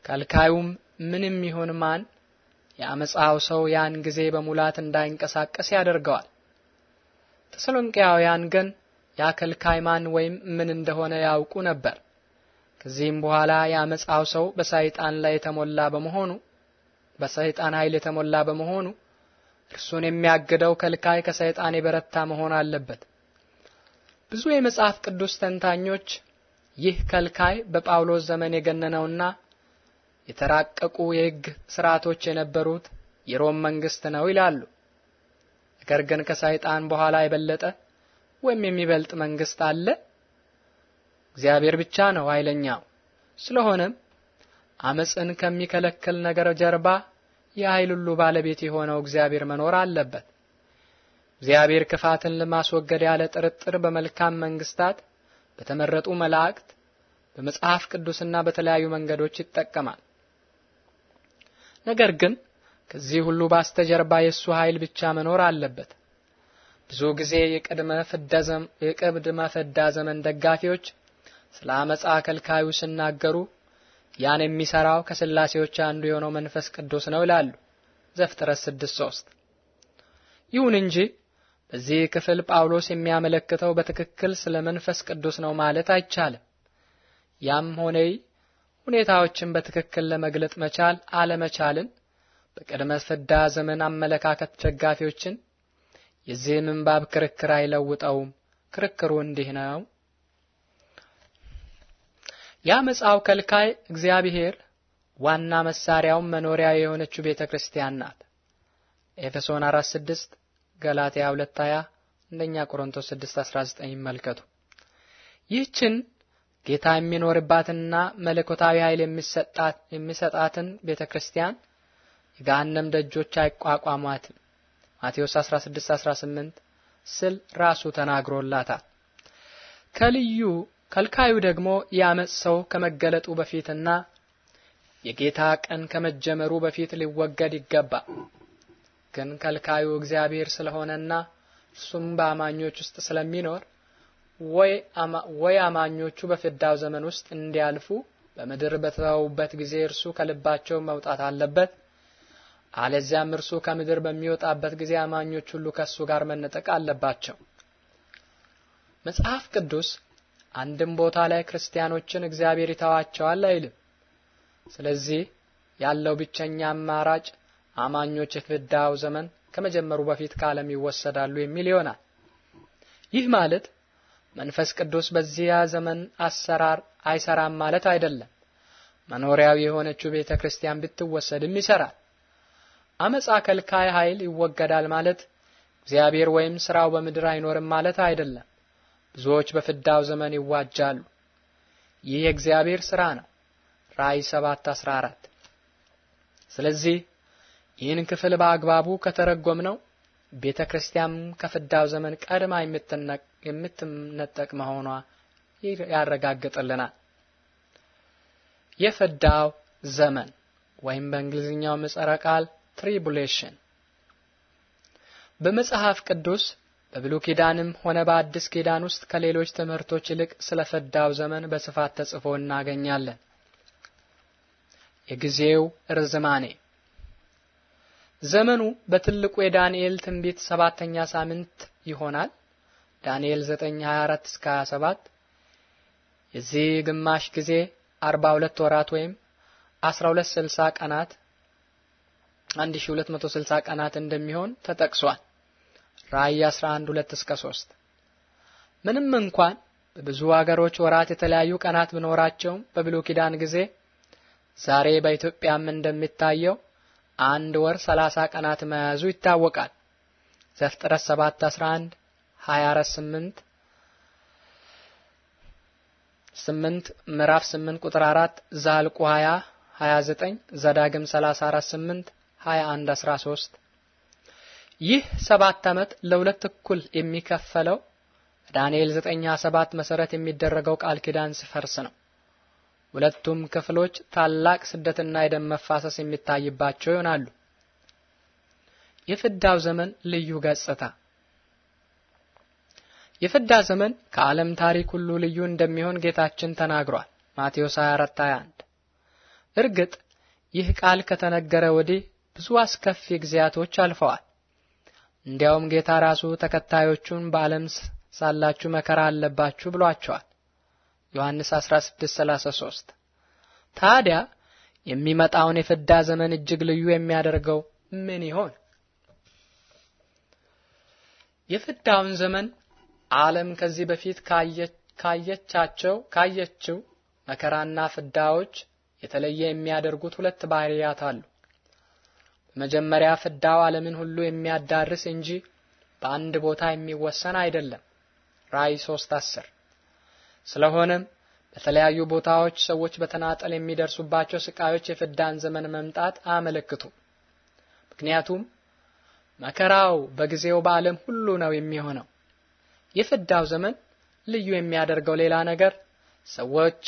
ከልካዩም ምንም ይሁን ማን የአመፃው ሰው ያን ጊዜ በሙላት እንዳይንቀሳቀስ ያደርገዋል። ተሰሎንቄያውያን ግን ያ ከልካይ ማን ወይም ምን እንደሆነ ያውቁ ነበር። ከዚህም በኋላ ያመጻው ሰው በሰይጣን ላይ የተሞላ በመሆኑ በሰይጣን ኃይል የተሞላ በመሆኑ እርሱን የሚያግደው ከልካይ ከሰይጣን የበረታ መሆን አለበት። ብዙ የመጽሐፍ ቅዱስ ተንታኞች ይህ ከልካይ በጳውሎስ ዘመን የገነነውና የተራቀቁ የሕግ ስርዓቶች የነበሩት የሮም መንግስት ነው ይላሉ። ነገር ግን ከሰይጣን በኋላ የበለጠ ወይም የሚበልጥ መንግስት አለ? እግዚአብሔር ብቻ ነው ኃይለኛው። ስለሆነም አመጽን ከሚከለክል ነገር ጀርባ የኃይል ሁሉ ባለቤት የሆነው እግዚአብሔር መኖር አለበት። እግዚአብሔር ክፋትን ለማስወገድ ያለ ጥርጥር በመልካም መንግስታት፣ በተመረጡ መላእክት፣ በመጽሐፍ ቅዱስና በተለያዩ መንገዶች ይጠቀማል። ነገር ግን ከዚህ ሁሉ በስተጀርባ የእሱ ኃይል ብቻ መኖር አለበት። ብዙ ጊዜ የቅድመ ፍዳ ዘመን ደጋፊዎች ስለ አመጻ ከልካዩ ሲናገሩ ያን የሚሰራው ከስላሴዎች አንዱ የሆነው መንፈስ ቅዱስ ነው ይላሉ። ዘፍጥረት 6:3 ይሁን እንጂ በዚህ ክፍል ጳውሎስ የሚያመለክተው በትክክል ስለ መንፈስ ቅዱስ ነው ማለት አይቻልም። ያም ሆነ ሁኔታዎችን በትክክል ለመግለጥ መቻል አለመቻልን በቅድመ ፍዳ ዘመን አመለካከት ደጋፊዎችን የዚህ ምንባብ ክርክር አይለውጠውም። ክርክሩ እንዲህ ነው። የአመፃው ከልካይ እግዚአብሔር ዋና መሳሪያውም መኖሪያ የሆነችው ቤተ ክርስቲያን ናት። ኤፌሶን 4:6 ገላትያ 20 አንደኛ ቆሮንቶስ 6:19 ይመልከቱ። ይህችን ጌታ የሚኖርባትና መለኮታዊ ኃይል የሚሰጣት የሚሰጣትን ቤተክርስቲያን የገሃነም ደጆች አይቋቋሟትም። ማቴዎስ 16:18 ስል ራሱ ተናግሮላታል። ከልዩ ከልካዩ ደግሞ የአመፅ ሰው ከመገለጡ በፊትና የጌታ ቀን ከመጀመሩ በፊት ሊወገድ ይገባል። ግን ከልካዩ እግዚአብሔር ስለሆነና እርሱም በአማኞች ውስጥ ስለሚኖር ወይ አማኞቹ በፍዳው ዘመን ውስጥ እንዲያልፉ በምድር በተተዉበት ጊዜ እርሱ ከልባቸው መውጣት አለበት። አለዚያም እርሱ ከምድር በሚወጣበት ጊዜ አማኞች ሁሉ ከእሱ ጋር መነጠቅ አለባቸው። መጽሐፍ ቅዱስ አንድም ቦታ ላይ ክርስቲያኖችን እግዚአብሔር ይተዋቸዋል አይልም። ስለዚህ ያለው ብቸኛ አማራጭ አማኞች የፍዳው ዘመን ከመጀመሩ በፊት ከዓለም ይወሰዳሉ የሚል ይሆናል። ይህ ማለት መንፈስ ቅዱስ በዚያ ዘመን አሰራር አይሰራም ማለት አይደለም። መኖሪያው የሆነችው ቤተ ክርስቲያን ብትወሰድም ይሰራል። አመጻ ከልካይ ኃይል ይወገዳል ማለት እግዚአብሔር ወይም ስራው በምድር አይኖርም ማለት አይደለም። ብዙዎች በፍዳው ዘመን ይዋጃሉ። ይህ የእግዚአብሔር ስራ ነው። ራእይ 7:14 ስለዚህ ይህን ክፍል በአግባቡ ነው ቤተ ክርስቲያን ከፍዳው ዘመን ቀድማ የምትነጠቅ መሆኗ ያረጋግጥልናል። የፍዳው ዘመን ወይም በእንግሊዝኛው ምህጻረ ቃል ትሪቡሌሽን በመጽሐፍ ቅዱስ በብሉ ኪዳንም ሆነ በአዲስ ኪዳን ውስጥ ከሌሎች ትምህርቶች ይልቅ ስለ ፍዳው ዘመን በስፋት ተጽፎ እናገኛለን። የጊዜው ርዝማኔ ዘመኑ በትልቁ የዳንኤል ትንቢት ሰባተኛ ሳምንት ይሆናል። ዳንኤል 9:24 እስከ 27 የዚህ ግማሽ ጊዜ 42 ወራት ወይም 1260 ቀናት 1260 ቀናት እንደሚሆን ተጠቅሷል። ራእይ 11:2 እስከ 3 ምንም እንኳን በብዙ አገሮች ወራት የተለያዩ ቀናት ቢኖራቸውም በብሉይ ኪዳን ጊዜ ዛሬ በኢትዮጵያም እንደሚታየው አንድ ወር 30 ቀናት መያዙ ይታወቃል። ዘፍጥረት 7 11 24 8 8 ምዕራፍ 8 ቁጥር 4 ዛልቁ 20 29 ዘዳግም 34 8 21 13 ይህ ሰባት ዓመት ለሁለት እኩል የሚከፈለው ዳንኤል 9:7 መሰረት የሚደረገው ቃል ኪዳን ሲፈርስ ነው። ሁለቱም ክፍሎች ታላቅ ስደትና የደም መፋሰስ የሚታይባቸው ይሆናሉ። የፍዳው ዘመን ልዩ ገጽታ የፍዳ ዘመን ከዓለም ታሪክ ሁሉ ልዩ እንደሚሆን ጌታችን ተናግሯል። ማቴዎስ 24:21 እርግጥ ይህ ቃል ከተነገረ ወዲህ ብዙ አስከፊ ጊዜያቶች አልፈዋል። እንዲያውም ጌታ ራሱ ተከታዮቹን በዓለም ሳላችሁ መከራ አለባችሁ ብሏቸዋል። ዮሐንስ 16:33 ታዲያ የሚመጣውን የፍዳ ዘመን እጅግ ልዩ የሚያደርገው ምን ይሆን? የፍዳውን ዘመን ዓለም ከዚህ በፊት ካየቻቸው ካየችው መከራና ፍዳዎች የተለየ የሚያደርጉት ሁለት ባህሪያት አሉ። በመጀመሪያ ፍዳው ዓለምን ሁሉ የሚያዳርስ እንጂ በአንድ ቦታ የሚወሰን አይደለም። ራእይ 3:10 ስለሆነም በተለያዩ ቦታዎች ሰዎች በተናጠል የሚደርሱባቸው ስቃዮች የፍዳን ዘመን መምጣት አመለክቱ። ምክንያቱም መከራው በጊዜው በዓለም ሁሉ ነው የሚሆነው። የፍዳው ዘመን ልዩ የሚያደርገው ሌላ ነገር ሰዎች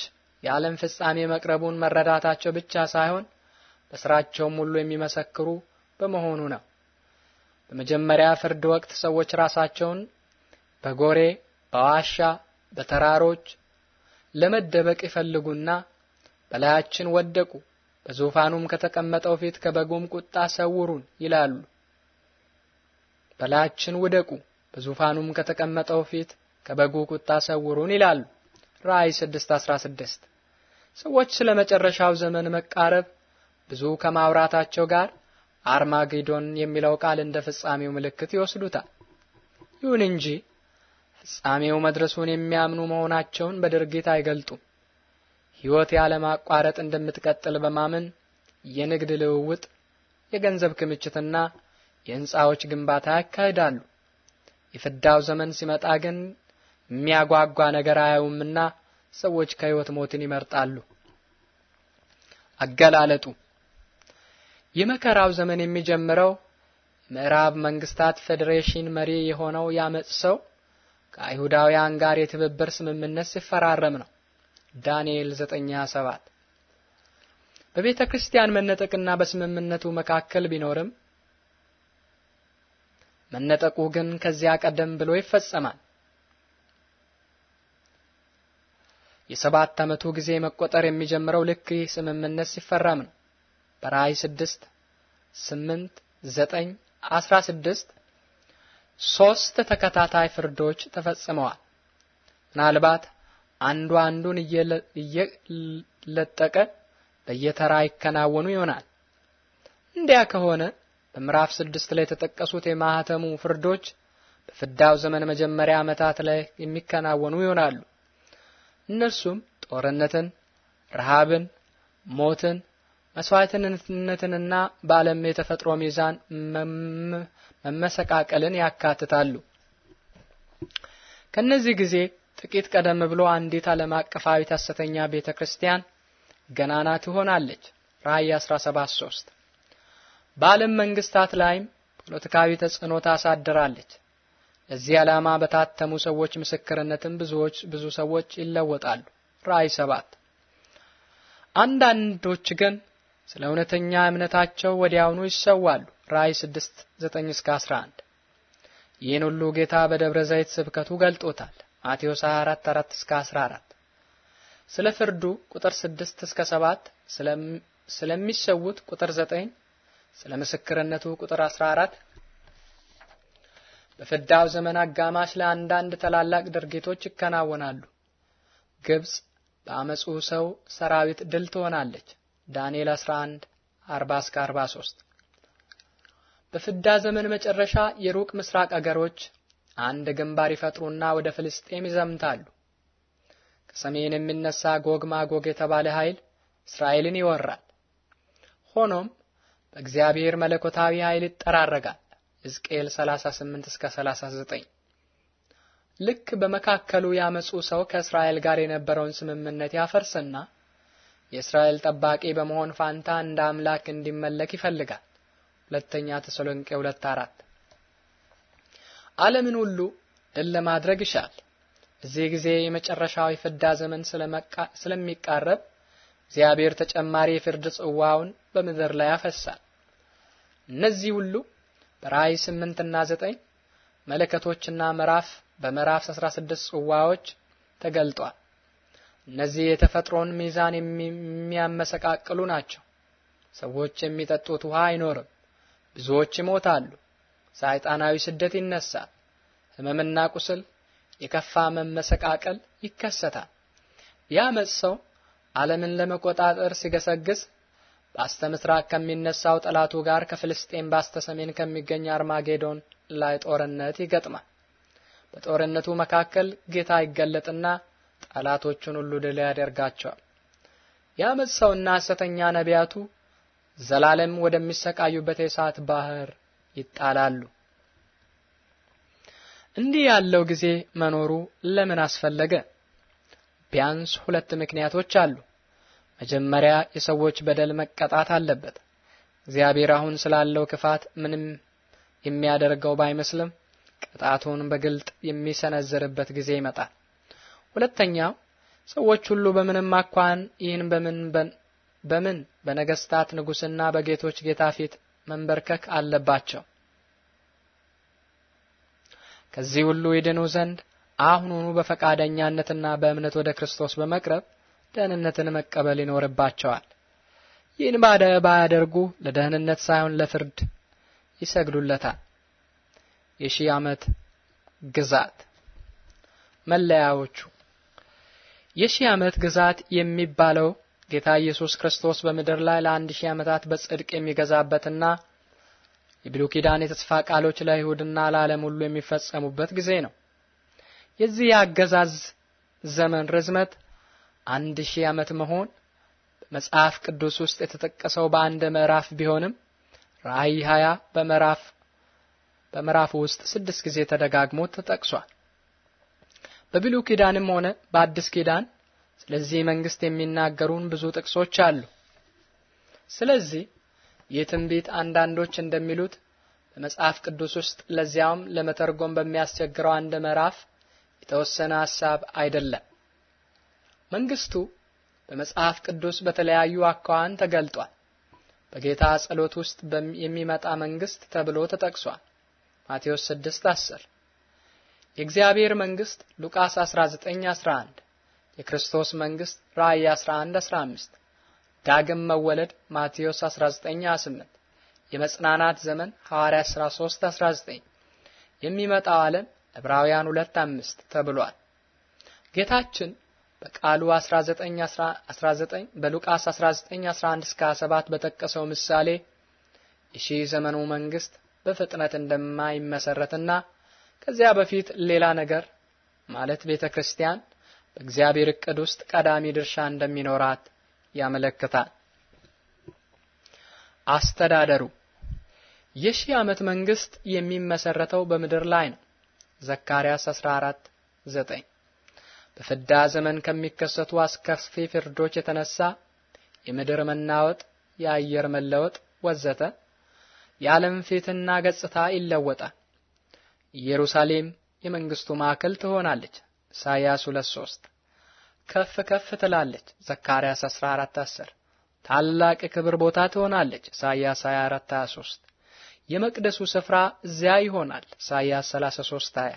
የዓለም ፍጻሜ መቅረቡን መረዳታቸው ብቻ ሳይሆን በስራቸውም ሁሉ የሚመሰክሩ በመሆኑ ነው። በመጀመሪያ ፍርድ ወቅት ሰዎች ራሳቸውን በጎሬ፣ በዋሻ፣ በተራሮች ለመደበቅ ይፈልጉና በላያችን ወደቁ፣ በዙፋኑም ከተቀመጠው ፊት ከበጉም ቁጣ ሰውሩን ይላሉ። በላያችን ውደቁ፣ በዙፋኑም ከተቀመጠው ፊት ከበጉ ቁጣ ሰውሩን ይላሉ። ራእይ 6:16 ሰዎች ስለ መጨረሻው ዘመን መቃረብ ብዙ ከማውራታቸው ጋር አርማጌዶን የሚለው ቃል እንደ ፍጻሜው ምልክት ይወስዱታል። ይሁን እንጂ ፍጻሜው መድረሱን የሚያምኑ መሆናቸውን በድርጊት አይገልጡም። ሕይወት ያለማቋረጥ እንደምትቀጥል በማመን የንግድ ልውውጥ፣ የገንዘብ ክምችትና የህንፃዎች ግንባታ ያካሂዳሉ። የፍዳው ዘመን ሲመጣ ግን የሚያጓጓ ነገር አያዩምና ሰዎች ከህይወት ሞትን ይመርጣሉ። አገላለጡ የመከራው ዘመን የሚጀምረው የምዕራብ መንግስታት ፌዴሬሽን መሪ የሆነው ያመጽ ሰው ከአይሁዳውያን ጋር የትብብር ስምምነት ሲፈራረም ነው። ዳንኤል 97 በቤተ ክርስቲያን መነጠቅና በስምምነቱ መካከል ቢኖርም መነጠቁ ግን ከዚያ ቀደም ብሎ ይፈጸማል። የሰባት ዓመቱ ጊዜ መቆጠር የሚጀምረው ልክ ይህ ስምምነት ሲፈረም ነው። በራእይ 6 8 9 16 ሶስት ተከታታይ ፍርዶች ተፈጽመዋል። ምናልባት አንዱ አንዱን እየለጠቀ በየተራ ይከናወኑ ይሆናል። እንዲያ ከሆነ በምዕራፍ ስድስት ላይ የተጠቀሱት የማህተሙ ፍርዶች በፍዳው ዘመን መጀመሪያ ዓመታት ላይ የሚከናወኑ ይሆናሉ። እነርሱም ጦርነትን፣ ረሃብን፣ ሞትን፣ መስዋዕትነትንና በዓለም የተፈጥሮ ሚዛን መመሰቃቀልን ያካትታሉ። ከነዚህ ጊዜ ጥቂት ቀደም ብሎ አንዲት ዓለም አቀፋዊ ሐሰተኛ ቤተ ክርስቲያን ገናና ትሆናለች። ራእይ 17፥3 በዓለም መንግስታት ላይም ፖለቲካዊ ተጽዕኖ ታሳድራለች። ለዚህ ዓላማ በታተሙ ሰዎች ምስክርነትም ብዙዎች ብዙ ሰዎች ይለወጣሉ። ራእይ 7 አንዳንዶች ግን ስለ እውነተኛ እምነታቸው ወዲያውኑ ይሰዋሉ። ራእይ 6 9 እስከ 11 ይህን ሁሉ ጌታ በደብረ ዘይት ስብከቱ ገልጦታል። ማቴዎስ 24 4 እስከ 14 ስለ ፍርዱ ቁጥር 6 እስከ 7 ስለሚሰውት ቁጥር 9 ስለ ምስክርነቱ ቁጥር 14 በፍዳው ዘመን አጋማሽ ለአንዳንድ ታላላቅ ድርጊቶች ይከናወናሉ። ግብጽ በአመፁ ሰው ሰራዊት ድል ትሆናለች። ዳንኤል 11 40 እስከ 43 በፍዳ ዘመን መጨረሻ የሩቅ ምስራቅ አገሮች አንድ ግንባር ይፈጥሩና ወደ ፍልስጤም ይዘምታሉ። ከሰሜን የሚነሳ ጎግ ማጎግ የተባለ ኃይል እስራኤልን ይወራል። ሆኖም በእግዚአብሔር መለኮታዊ ኃይል ይጠራረጋል። ሕዝቅኤል 38 እስከ 39 ልክ በመካከሉ ያመፁ ሰው ከእስራኤል ጋር የነበረውን ስምምነት ያፈርስና የእስራኤል ጠባቂ በመሆን ፋንታ እንደ አምላክ እንዲመለክ ይፈልጋል። ሁለተኛ ተሰሎንቄ 2 አራት ዓለምን ሁሉ ድል ለማድረግ ይሻል። እዚህ ጊዜ የመጨረሻው የፍዳ ዘመን ስለሚቃረብ እግዚአብሔር ተጨማሪ የፍርድ ጽዋውን በምድር ላይ ያፈሳል። እነዚህ ሁሉ በራእይ 8 እና 9 መለከቶችና ምዕራፍ በምዕራፍ 16 ጽዋዎች ተገልጧል። እነዚህ የተፈጥሮን ሚዛን የሚያመሰቃቅሉ ናቸው። ሰዎች የሚጠጡት ውሃ አይኖርም፣ ብዙዎች ይሞታሉ። ሰይጣናዊ ስደት ይነሳል። ህመምና ቁስል፣ የከፋ መመሰቃቀል ይከሰታል። ያመጽ ሰው ዓለምን ለመቆጣጠር ሲገሰግስ በስተ ምስራቅ ከሚነሳው ጠላቱ ጋር ከፍልስጤም በስተ ሰሜን ከሚገኝ አርማጌዶን ላይ ጦርነት ይገጥማል። በጦርነቱ መካከል ጌታ ይገለጥና ጠላቶቹን ሁሉ ድል ያደርጋቸዋል። የአመፅ ሰውና ሐሰተኛ ነቢያቱ ዘላለም ወደሚሰቃዩበት የእሳት ባህር ይጣላሉ። እንዲህ ያለው ጊዜ መኖሩ ለምን አስፈለገ? ቢያንስ ሁለት ምክንያቶች አሉ። መጀመሪያ የሰዎች በደል መቀጣት አለበት። እግዚአብሔር አሁን ስላለው ክፋት ምንም የሚያደርገው ባይመስልም ቅጣቱን በግልጥ የሚሰነዝርበት ጊዜ ይመጣል። ሁለተኛው ሰዎች ሁሉ በምንም አኳን ይህን በምን በምን በነገስታት ንጉስና በጌቶች ጌታ ፊት መንበርከክ አለባቸው። ከዚህ ሁሉ ይድኑ ዘንድ አሁኑኑ በፈቃደኛነትና በእምነት ወደ ክርስቶስ በመቅረብ ደህንነትን መቀበል ይኖርባቸዋል። ይህን ባደ ባያደርጉ ለደህንነት ሳይሆን ለፍርድ ይሰግዱለታል። የሺህ ዓመት ግዛት መለያዎቹ የሺህ ዓመት ግዛት የሚባለው ጌታ ኢየሱስ ክርስቶስ በምድር ላይ ለአንድ ሺህ ዓመታት በጽድቅ የሚገዛበትና የብሉይ ኪዳን የተስፋ ቃሎች ለይሁድና ለዓለም ሁሉ የሚፈጸሙበት ጊዜ ነው። የዚህ የአገዛዝ ዘመን ርዝመት አንድ ሺህ ዓመት መሆን በመጽሐፍ ቅዱስ ውስጥ የተጠቀሰው በአንድ ምዕራፍ ቢሆንም ራእይ 20 በምዕራፍ በምዕራፉ ውስጥ ስድስት ጊዜ ተደጋግሞ ተጠቅሷል። በብሉይ ኪዳንም ሆነ በአዲስ ኪዳን ስለዚህ መንግስት የሚናገሩን ብዙ ጥቅሶች አሉ። ስለዚህ ይህ ትንቢት አንዳንዶች እንደሚሉት በመጽሐፍ ቅዱስ ውስጥ ለዚያውም ለመተርጎም በሚያስቸግረው አንድ ምዕራፍ የተወሰነ ሐሳብ አይደለም። መንግስቱ በመጽሐፍ ቅዱስ በተለያዩ አኳኋን ተገልጧል። በጌታ ጸሎት ውስጥ የሚመጣ መንግስት ተብሎ ተጠቅሷል። ማቴዎስ 6:10 የእግዚአብሔር መንግስት ሉቃስ 19:11 የክርስቶስ መንግስት ራእይ 11:15 ዳግም መወለድ ማቴዎስ 19:28 የመጽናናት ዘመን ሐዋርያት 13:19 የሚመጣው ዓለም ዕብራውያን 2:5 ተብሏል። ጌታችን በቃሉ 19:19 በሉቃስ 19:11 እስከ 27 በጠቀሰው ምሳሌ የሺህ ዘመኑ መንግስት በፍጥነት እንደማይመሰረትና ከዚያ በፊት ሌላ ነገር ማለት ቤተ ክርስቲያን በእግዚአብሔር እቅድ ውስጥ ቀዳሚ ድርሻ እንደሚኖራት ያመለክታል። አስተዳደሩ የሺህ ዓመት መንግስት የሚመሰረተው በምድር ላይ ነው። ዘካርያስ 14 9 በፍዳ ዘመን ከሚከሰቱ አስከፊ ፍርዶች የተነሳ የምድር መናወጥ፣ የአየር መለወጥ ወዘተ የዓለም ፊትና ገጽታ ይለወጣል። ኢየሩሳሌም የመንግስቱ ማዕከል ትሆናለች። ኢሳይያስ 2:3 ከፍ ከፍ ትላለች። ዘካርያስ 10 ታላቅ ክብር ቦታ ትሆናለች። ኢሳይያስ 23 የመቅደሱ ስፍራ እዚያ ይሆናል። ኢሳይያስ 20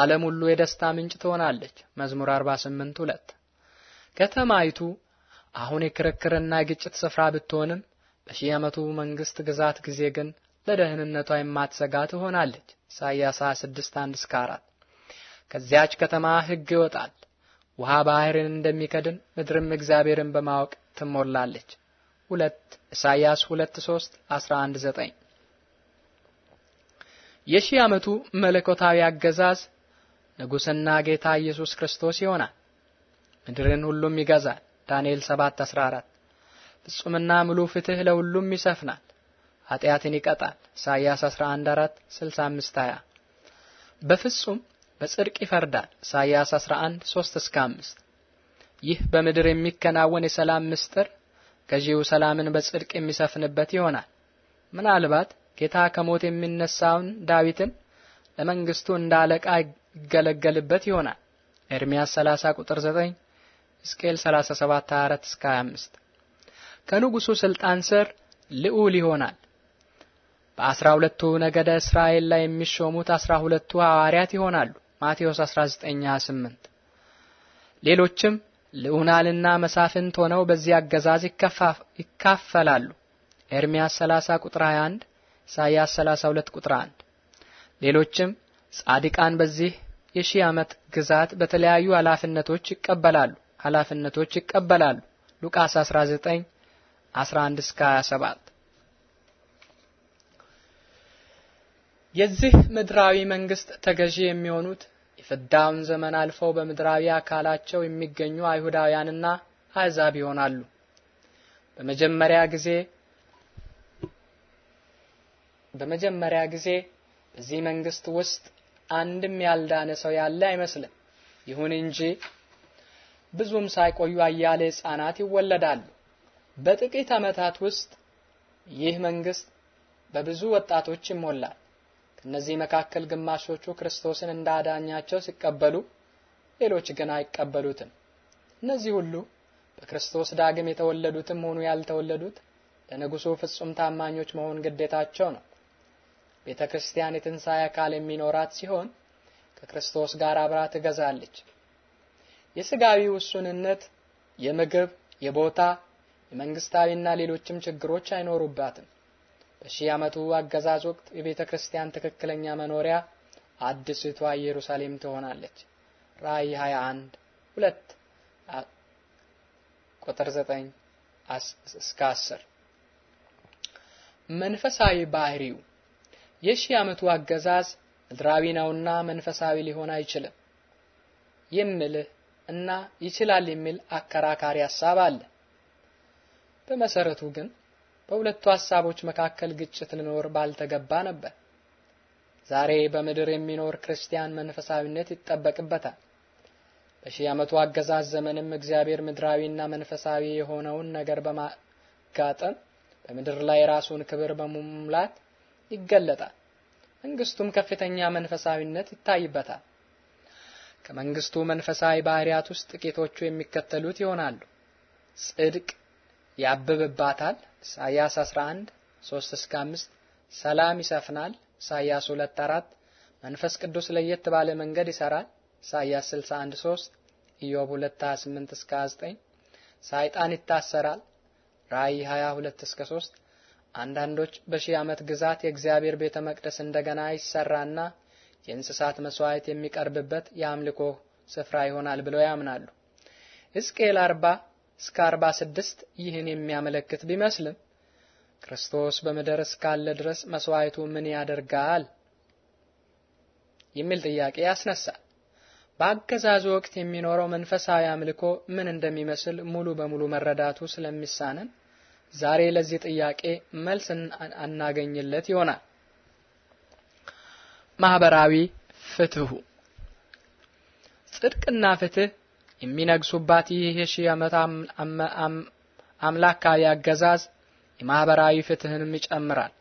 ዓለም ሁሉ የደስታ ምንጭ ትሆናለች። መዝሙር 48 2 ከተማይቱ አሁን የክርክርና የግጭት ስፍራ ብትሆንም በሺህ ዓመቱ መንግስት ግዛት ጊዜ ግን ለደህንነቷ የማትሰጋ ትሆናለች። ኢሳይያስ 26 1 እስከ 4 ከዚያች ከተማ ሕግ ይወጣል ውሃ ባህርን እንደሚከድን ምድርም እግዚአብሔርን በማወቅ ትሞላለች። 2 ኢሳይያስ 2 3 11 9 የሺህ ዓመቱ መለኮታዊ አገዛዝ ንጉሥና ጌታ ኢየሱስ ክርስቶስ ይሆናል። ምድርን ሁሉም ይገዛል። ዳንኤል 7:14 ፍጹምና ምሉ ፍትህ ለሁሉም ይሰፍናል። ኃጢአትን ይቀጣል። ኢሳይያስ 11 4 65 20 በፍጹም በጽድቅ ይፈርዳል። ኢሳይያስ 11 3 እስከ 5 ይህ በምድር የሚከናወን የሰላም ምስጢር ገዢው ሰላምን በጽድቅ የሚሰፍንበት ይሆናል። ምናልባት ጌታ ከሞት የሚነሳውን ዳዊትን ለመንግስቱ እንደ አለቃ ይገለገልበት ይሆናል። ኤርሚያስ 30 ቁጥር 9 ሕዝቅኤል 37 24 እስከ 25 ከንጉሱ ስልጣን ስር ልዑል ይሆናል። በአስራ ሁለቱ ነገደ እስራኤል ላይ የሚሾሙት አስራ ሁለቱ ሐዋርያት ይሆናሉ። ማቴዎስ 19:28 ሌሎችም ልዑናልና መሳፍንት ሆነው በዚህ አገዛዝ ይካፈላሉ። ኤርሚያስ 30 ቁጥር 21፣ ኢሳይያስ 32 ቁጥር 1። ሌሎችም ጻድቃን በዚህ የሺህ ዓመት ግዛት በተለያዩ ኃላፊነቶች ይቀበላሉ ኃላፊነቶች ይቀበላሉ። ሉቃስ 19 11 እስከ 27 የዚህ ምድራዊ መንግስት ተገዢ የሚሆኑት የፍዳውን ዘመን አልፈው በምድራዊ አካላቸው የሚገኙ አይሁዳውያንና አሕዛብ ይሆናሉ። በመጀመሪያ ጊዜ በመጀመሪያ ጊዜ በዚህ መንግስት ውስጥ አንድም ያልዳነ ሰው ያለ አይመስልም። ይሁን እንጂ ብዙም ሳይቆዩ አያሌ ሕፃናት ይወለዳሉ። በጥቂት ዓመታት ውስጥ ይህ መንግስት በብዙ ወጣቶች ይሞላል። ከእነዚህ መካከል ግማሾቹ ክርስቶስን እንዳዳኛቸው ሲቀበሉ፣ ሌሎች ግን አይቀበሉትም። እነዚህ ሁሉ በክርስቶስ ዳግም የተወለዱትም ሆኑ ያልተወለዱት ለንጉሱ ፍጹም ታማኞች መሆን ግዴታቸው ነው። ቤተ ክርስቲያን የትንሣኤ አካል የሚኖራት ሲሆን ከክርስቶስ ጋር አብራ ትገዛለች። የስጋዊ ውሱንነት፣ የምግብ፣ የቦታ፣ የመንግስታዊና ሌሎችም ችግሮች አይኖሩባትም። በሺህ ዓመቱ አገዛዝ ወቅት የቤተ ክርስቲያን ትክክለኛ መኖሪያ አዲስቷ ኢየሩሳሌም ትሆናለች። ራእይ 21 2 ቁጥር 9 እስከ 10 መንፈሳዊ ባህሪው የሺህ ዓመቱ አገዛዝ ምድራዊ ነውና መንፈሳዊ ሊሆን አይችልም የሚልህ እና ይችላል የሚል አከራካሪ ሀሳብ አለ። በመሰረቱ ግን በሁለቱ ሐሳቦች መካከል ግጭት ሊኖር ባልተገባ ነበር። ዛሬ በምድር የሚኖር ክርስቲያን መንፈሳዊነት ይጠበቅበታል። በሺህ ዓመቱ አገዛዝ ዘመንም እግዚአብሔር ምድራዊና መንፈሳዊ የሆነውን ነገር በማጋጠም በምድር ላይ የራሱን ክብር በመሙላት ይገለጣል። መንግስቱም ከፍተኛ መንፈሳዊነት ይታይበታል። ከመንግስቱ መንፈሳዊ ባህሪያት ውስጥ ጥቂቶቹ የሚከተሉት ይሆናሉ። ጽድቅ፣ ያብብባታል። ኢሳያስ 11 3 እስከ 5 ሰላም ይሰፍናል። ኢሳያስ 2 4 መንፈስ ቅዱስ ለየት ባለ መንገድ ይሰራል። ኢሳያስ 61 3 ኢዮብ 2 28 እስከ 29 ሳይጣን ይታሰራል። ራእይ 22 እስከ 3 አንዳንዶች በሺህ ዓመት ግዛት የእግዚአብሔር ቤተ መቅደስ እንደገና ይሰራና የእንስሳት መስዋዕት የሚቀርብበት የአምልኮ ስፍራ ይሆናል ብለው ያምናሉ። ሕዝቅኤል 40 እስከ 46 ይህን የሚያመለክት ቢመስልም ክርስቶስ በምድር እስካለ ድረስ መስዋዕቱ ምን ያደርጋል የሚል ጥያቄ ያስነሳል። በአገዛዙ ወቅት የሚኖረው መንፈሳዊ አምልኮ ምን እንደሚመስል ሙሉ በሙሉ መረዳቱ ስለሚሳነን ዛሬ ለዚህ ጥያቄ መልስ አናገኝለት ይሆናል። ማህበራዊ ፍትሁ ጽድቅና ፍትህ የሚነግሱባት ይህ የሺ ዓመት አምላካዊ አገዛዝ የማህበራዊ ፍትህንም ይጨምራል።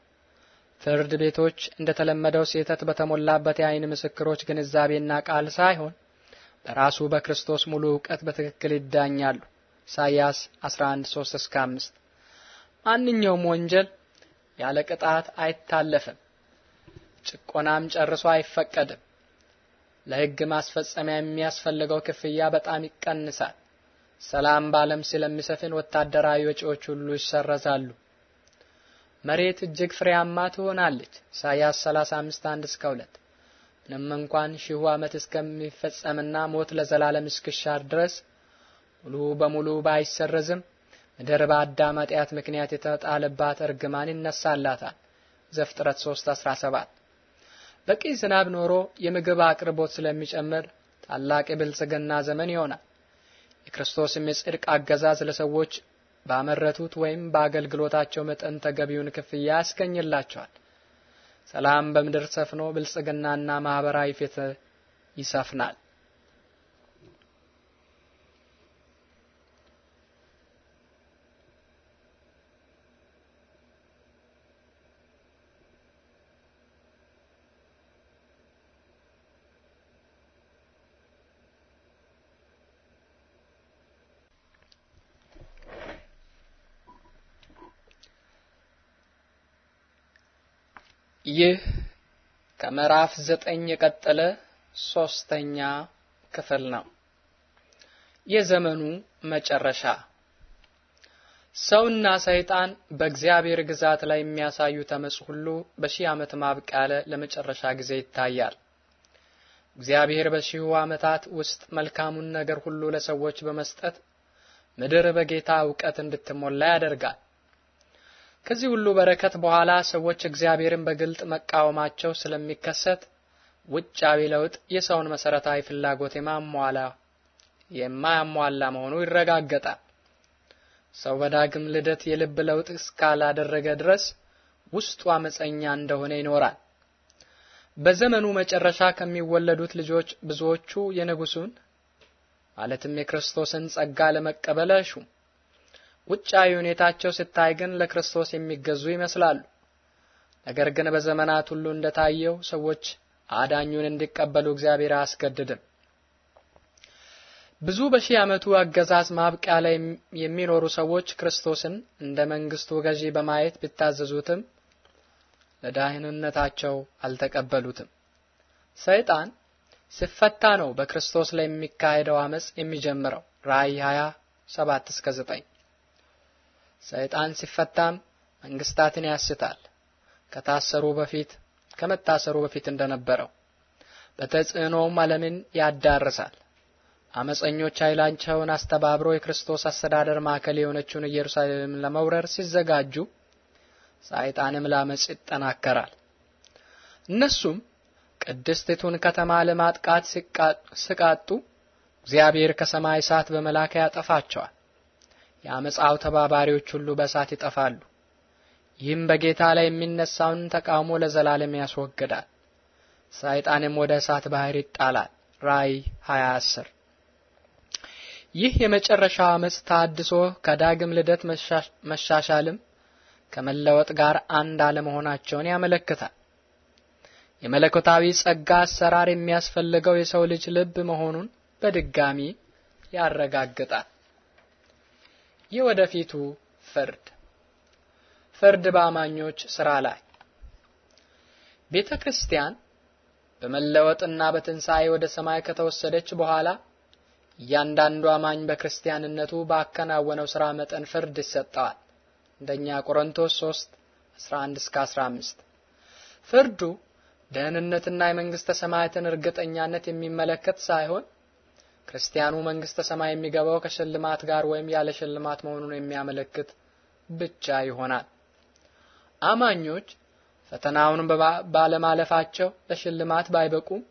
ፍርድ ቤቶች እንደተለመደው ስህተት በተሞላበት የአይን ምስክሮች ግንዛቤና ቃል ሳይሆን በራሱ በክርስቶስ ሙሉ እውቀት በትክክል ይዳኛሉ። ኢሳይያስ 11:3-5 ማንኛውም ወንጀል ያለ ቅጣት አይታለፍም፣ ጭቆናም ጨርሶ አይፈቀድም። ለሕግ ማስፈጸሚያ የሚያስፈልገው ክፍያ በጣም ይቀንሳል። ሰላም በዓለም ስለሚሰፍን ወታደራዊ ወጪዎች ሁሉ ይሰረዛሉ። መሬት እጅግ ፍሬያማ ትሆናለች። ኢሳይያስ 35 1 እስከ 2 ምንም እንኳን ሺሁ ዓመት እስከሚፈጸምና ሞት ለዘላለም እስክሻር ድረስ ሙሉ በሙሉ ባይሰረዝም ምድር በአዳም ኃጢአት ምክንያት የተጣለባት እርግማን ይነሳላታል። ዘፍጥረት 3 17 በቂ ዝናብ ኖሮ የምግብ አቅርቦት ስለሚጨምር ታላቅ የብልጽግና ዘመን ይሆናል። የክርስቶስም የጽድቅ አገዛዝ ለሰዎች ባመረቱት ወይም በአገልግሎታቸው መጠን ተገቢውን ክፍያ ያስገኝላቸዋል። ሰላም በምድር ሰፍኖ ብልጽግናና ማህበራዊ ፍትህ ይሰፍናል። ይህ ከምዕራፍ ዘጠኝ የቀጠለ ሶስተኛ ክፍል ነው። የዘመኑ መጨረሻ ሰውና ሰይጣን በእግዚአብሔር ግዛት ላይ የሚያሳዩ ተመጽ ሁሉ በሺህ ዓመት ማብቃለ ለመጨረሻ ጊዜ ይታያል። እግዚአብሔር በሺሁ ዓመታት ውስጥ መልካሙን ነገር ሁሉ ለሰዎች በመስጠት ምድር በጌታ እውቀት እንድትሞላ ያደርጋል። ከዚህ ሁሉ በረከት በኋላ ሰዎች እግዚአብሔርን በግልጥ መቃወማቸው ስለሚከሰት ውጫዊ ለውጥ የሰውን መሰረታዊ ፍላጎት የማሟላ የማያሟላ መሆኑ ይረጋገጣል። ሰው በዳግም ልደት የልብ ለውጥ እስካላደረገ ድረስ ውስጡ አመፀኛ እንደሆነ ይኖራል። በዘመኑ መጨረሻ ከሚወለዱት ልጆች ብዙዎቹ የንጉሱን ማለትም የክርስቶስን ጸጋ ለመቀበል ሹም ውጫዊ ሁኔታቸው ሲታይ ግን ለክርስቶስ የሚገዙ ይመስላሉ። ነገር ግን በዘመናት ሁሉ እንደታየው ሰዎች አዳኙን እንዲቀበሉ እግዚአብሔር አያስገድድም። ብዙ በሺህ ዓመቱ አገዛዝ ማብቂያ ላይ የሚኖሩ ሰዎች ክርስቶስን እንደ መንግስቱ ገዢ በማየት ቢታዘዙትም ለደህንነታቸው አልተቀበሉትም። ሰይጣን ሲፈታ ነው በክርስቶስ ላይ የሚካሄደው አመጽ የሚጀምረው። ራእይ 20 7 እስከ 9 ሰይጣን ሲፈታም መንግስታትን ያስታል። ከታሰሩ በፊት ከመታሰሩ በፊት እንደነበረው በተጽዕኖውም ዓለምን ያዳርሳል። አመፀኞች ኃይላቸውን አስተባብሮ የክርስቶስ አስተዳደር ማዕከል የሆነችውን ኢየሩሳሌም ለመውረር ሲዘጋጁ ሰይጣንም ላመጽ ይጠናከራል። እነሱም ቅድስቲቱን ከተማ ለማጥቃት ሲቃጡ እግዚአብሔር ከሰማይ እሳት በመላክ ያጠፋቸዋል። የአመፃው ተባባሪዎች ሁሉ በእሳት ይጠፋሉ። ይህም በጌታ ላይ የሚነሳውን ተቃውሞ ለዘላለም ያስወግዳል። ሰይጣንም ወደ እሳት ባህር ይጣላል። ራእይ 2010 ይህ የመጨረሻው አመፅ ታድሶ ከዳግም ልደት መሻሻልም ከመለወጥ ጋር አንድ አለመሆናቸውን ያመለክታል። የመለኮታዊ ጸጋ አሰራር የሚያስፈልገው የሰው ልጅ ልብ መሆኑን በድጋሚ ያረጋግጣል። የወደፊቱ ፍርድ ፍርድ በአማኞች ስራ ላይ ቤተ ክርስቲያን በመለወጥና በትንሣኤ ወደ ሰማይ ከተወሰደች በኋላ እያንዳንዱ አማኝ በክርስቲያንነቱ ባከናወነው ስራ መጠን ፍርድ ይሰጠዋል። እንደኛ ቆሮንቶስ 3 11 እስከ 15 ፍርዱ ደህንነትና የመንግስተ ሰማያትን እርግጠኛነት የሚመለከት ሳይሆን ክርስቲያኑ መንግስተ ሰማይ የሚገባው ከሽልማት ጋር ወይም ያለ ሽልማት መሆኑን የሚያመለክት ብቻ ይሆናል። አማኞች ፈተናውን ባለማለፋቸው ለሽልማት ባይበቁም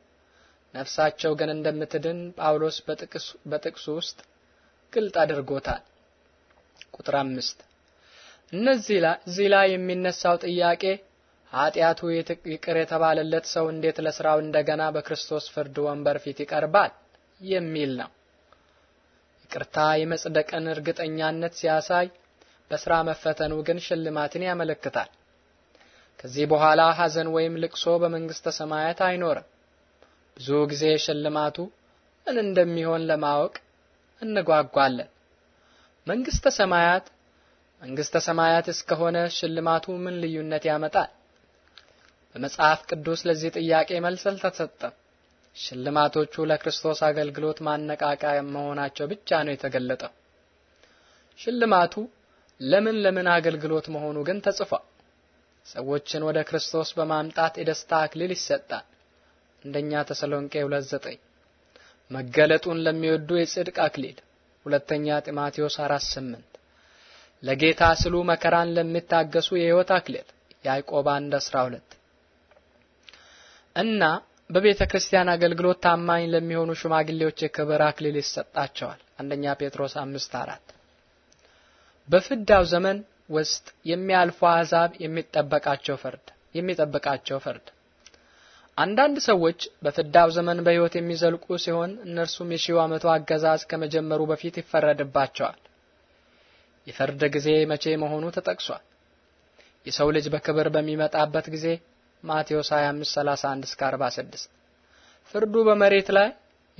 ነፍሳቸው ግን እንደምትድን ጳውሎስ በጥቅሱ ውስጥ ግልጥ አድርጎታል። ቁጥር አምስት እነዚህ እዚህ ላይ የሚነሳው ጥያቄ ኃጢአቱ ይቅር የተባለለት ሰው እንዴት ለስራው እንደገና በክርስቶስ ፍርድ ወንበር ፊት ይቀርባል? የሚል ነው። ይቅርታ የመጽደቅን እርግጠኛነት ሲያሳይ፣ በስራ መፈተኑ ግን ሽልማትን ያመለክታል። ከዚህ በኋላ ሐዘን ወይም ልቅሶ በመንግስተ ሰማያት አይኖርም። ብዙ ጊዜ ሽልማቱ ምን እንደሚሆን ለማወቅ እንጓጓለን። መንግስተ ሰማያት መንግስተ ሰማያት እስከሆነ ሽልማቱ ምን ልዩነት ያመጣል? በመጽሐፍ ቅዱስ ለዚህ ጥያቄ መልስ አልተሰጠም። ሽልማቶቹ ለክርስቶስ አገልግሎት ማነቃቃያ መሆናቸው ብቻ ነው የተገለጠው። ሽልማቱ ለምን ለምን አገልግሎት መሆኑ ግን ተጽፏል። ሰዎችን ወደ ክርስቶስ በማምጣት የደስታ አክሊል ይሰጣል። አንደኛ ተሰሎንቄ 2:9 መገለጡን ለሚወዱ የጽድቅ አክሊል ሁለተኛ ጢማቴዎስ 4:8 ለጌታ ስሉ መከራን ለሚታገሱ የሕይወት አክሊል ያዕቆብ 1:12 እና በቤተ ክርስቲያን አገልግሎት ታማኝ ለሚሆኑ ሽማግሌዎች የክብር አክሊል ይሰጣቸዋል። አንደኛ ጴጥሮስ አምስት አራት በፍዳው ዘመን ውስጥ የሚያልፉ አሕዛብ የሚጠበቃቸው ፍርድ የሚጠበቃቸው ፍርድ። አንዳንድ ሰዎች በፍዳው ዘመን በሕይወት የሚዘልቁ ሲሆን እነርሱም የሺው ዓመቱ አገዛዝ ከመጀመሩ በፊት ይፈረድባቸዋል። የፍርድ ጊዜ መቼ መሆኑ ተጠቅሷል። የሰው ልጅ በክብር በሚመጣበት ጊዜ ማቴዎስ 25 31 እስከ 46 ፍርዱ በመሬት ላይ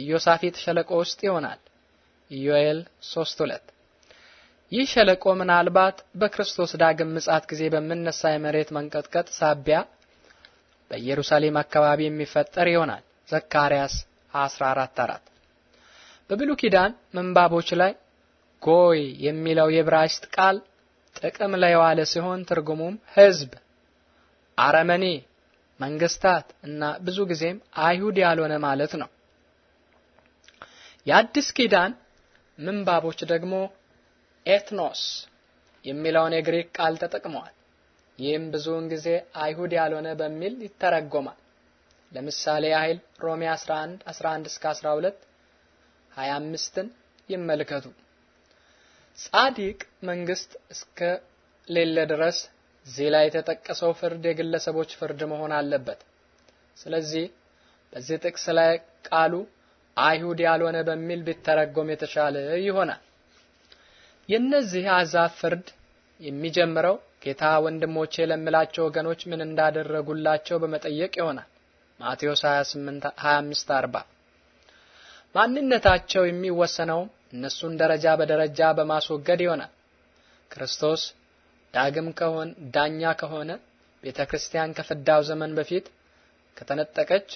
ኢዮሳፊት ሸለቆ ውስጥ ይሆናል። ኢዮኤል 3 2 ይህ ሸለቆ ምናልባት በክርስቶስ ዳግም ምጻት ጊዜ በሚነሳ የመሬት መንቀጥቀጥ ሳቢያ በኢየሩሳሌም አካባቢ የሚፈጠር ይሆናል። ዘካርያስ 14 4 በብሉይ ኪዳን ምንባቦች ላይ ጎይ የሚለው የዕብራይስጥ ቃል ጥቅም ላይ የዋለ ሲሆን ትርጉሙም ሕዝብ አረመኔ መንግስታት እና ብዙ ጊዜም አይሁድ ያልሆነ ማለት ነው። የአዲስ ኪዳን ምንባቦች ደግሞ ኤትኖስ የሚለውን የግሪክ ቃል ተጠቅመዋል። ይህም ብዙውን ጊዜ አይሁድ ያልሆነ በሚል ይተረጎማል። ለምሳሌ ያህል ሮሜ 11 11 እስከ 12 25ን ይመልከቱ። ጻድቅ መንግስት እስከ ሌለ ድረስ እዚህ ላይ የተጠቀሰው ፍርድ የግለሰቦች ፍርድ መሆን አለበት። ስለዚህ በዚህ ጥቅስ ላይ ቃሉ አይሁድ ያልሆነ በሚል ቢተረጎም የተሻለ ይሆናል። የእነዚህ አሕዛብ ፍርድ የሚጀምረው ጌታ ወንድሞቼ ለምላቸው ወገኖች ምን እንዳደረጉላቸው በመጠየቅ ይሆናል። ማቴዎስ 28 25 40 ማንነታቸው የሚወሰነው እነሱን ደረጃ በደረጃ በማስወገድ ይሆናል። ክርስቶስ ዳግም ከሆነ ዳኛ ከሆነ ቤተ ክርስቲያን ከፍዳው ዘመን በፊት ከተነጠቀች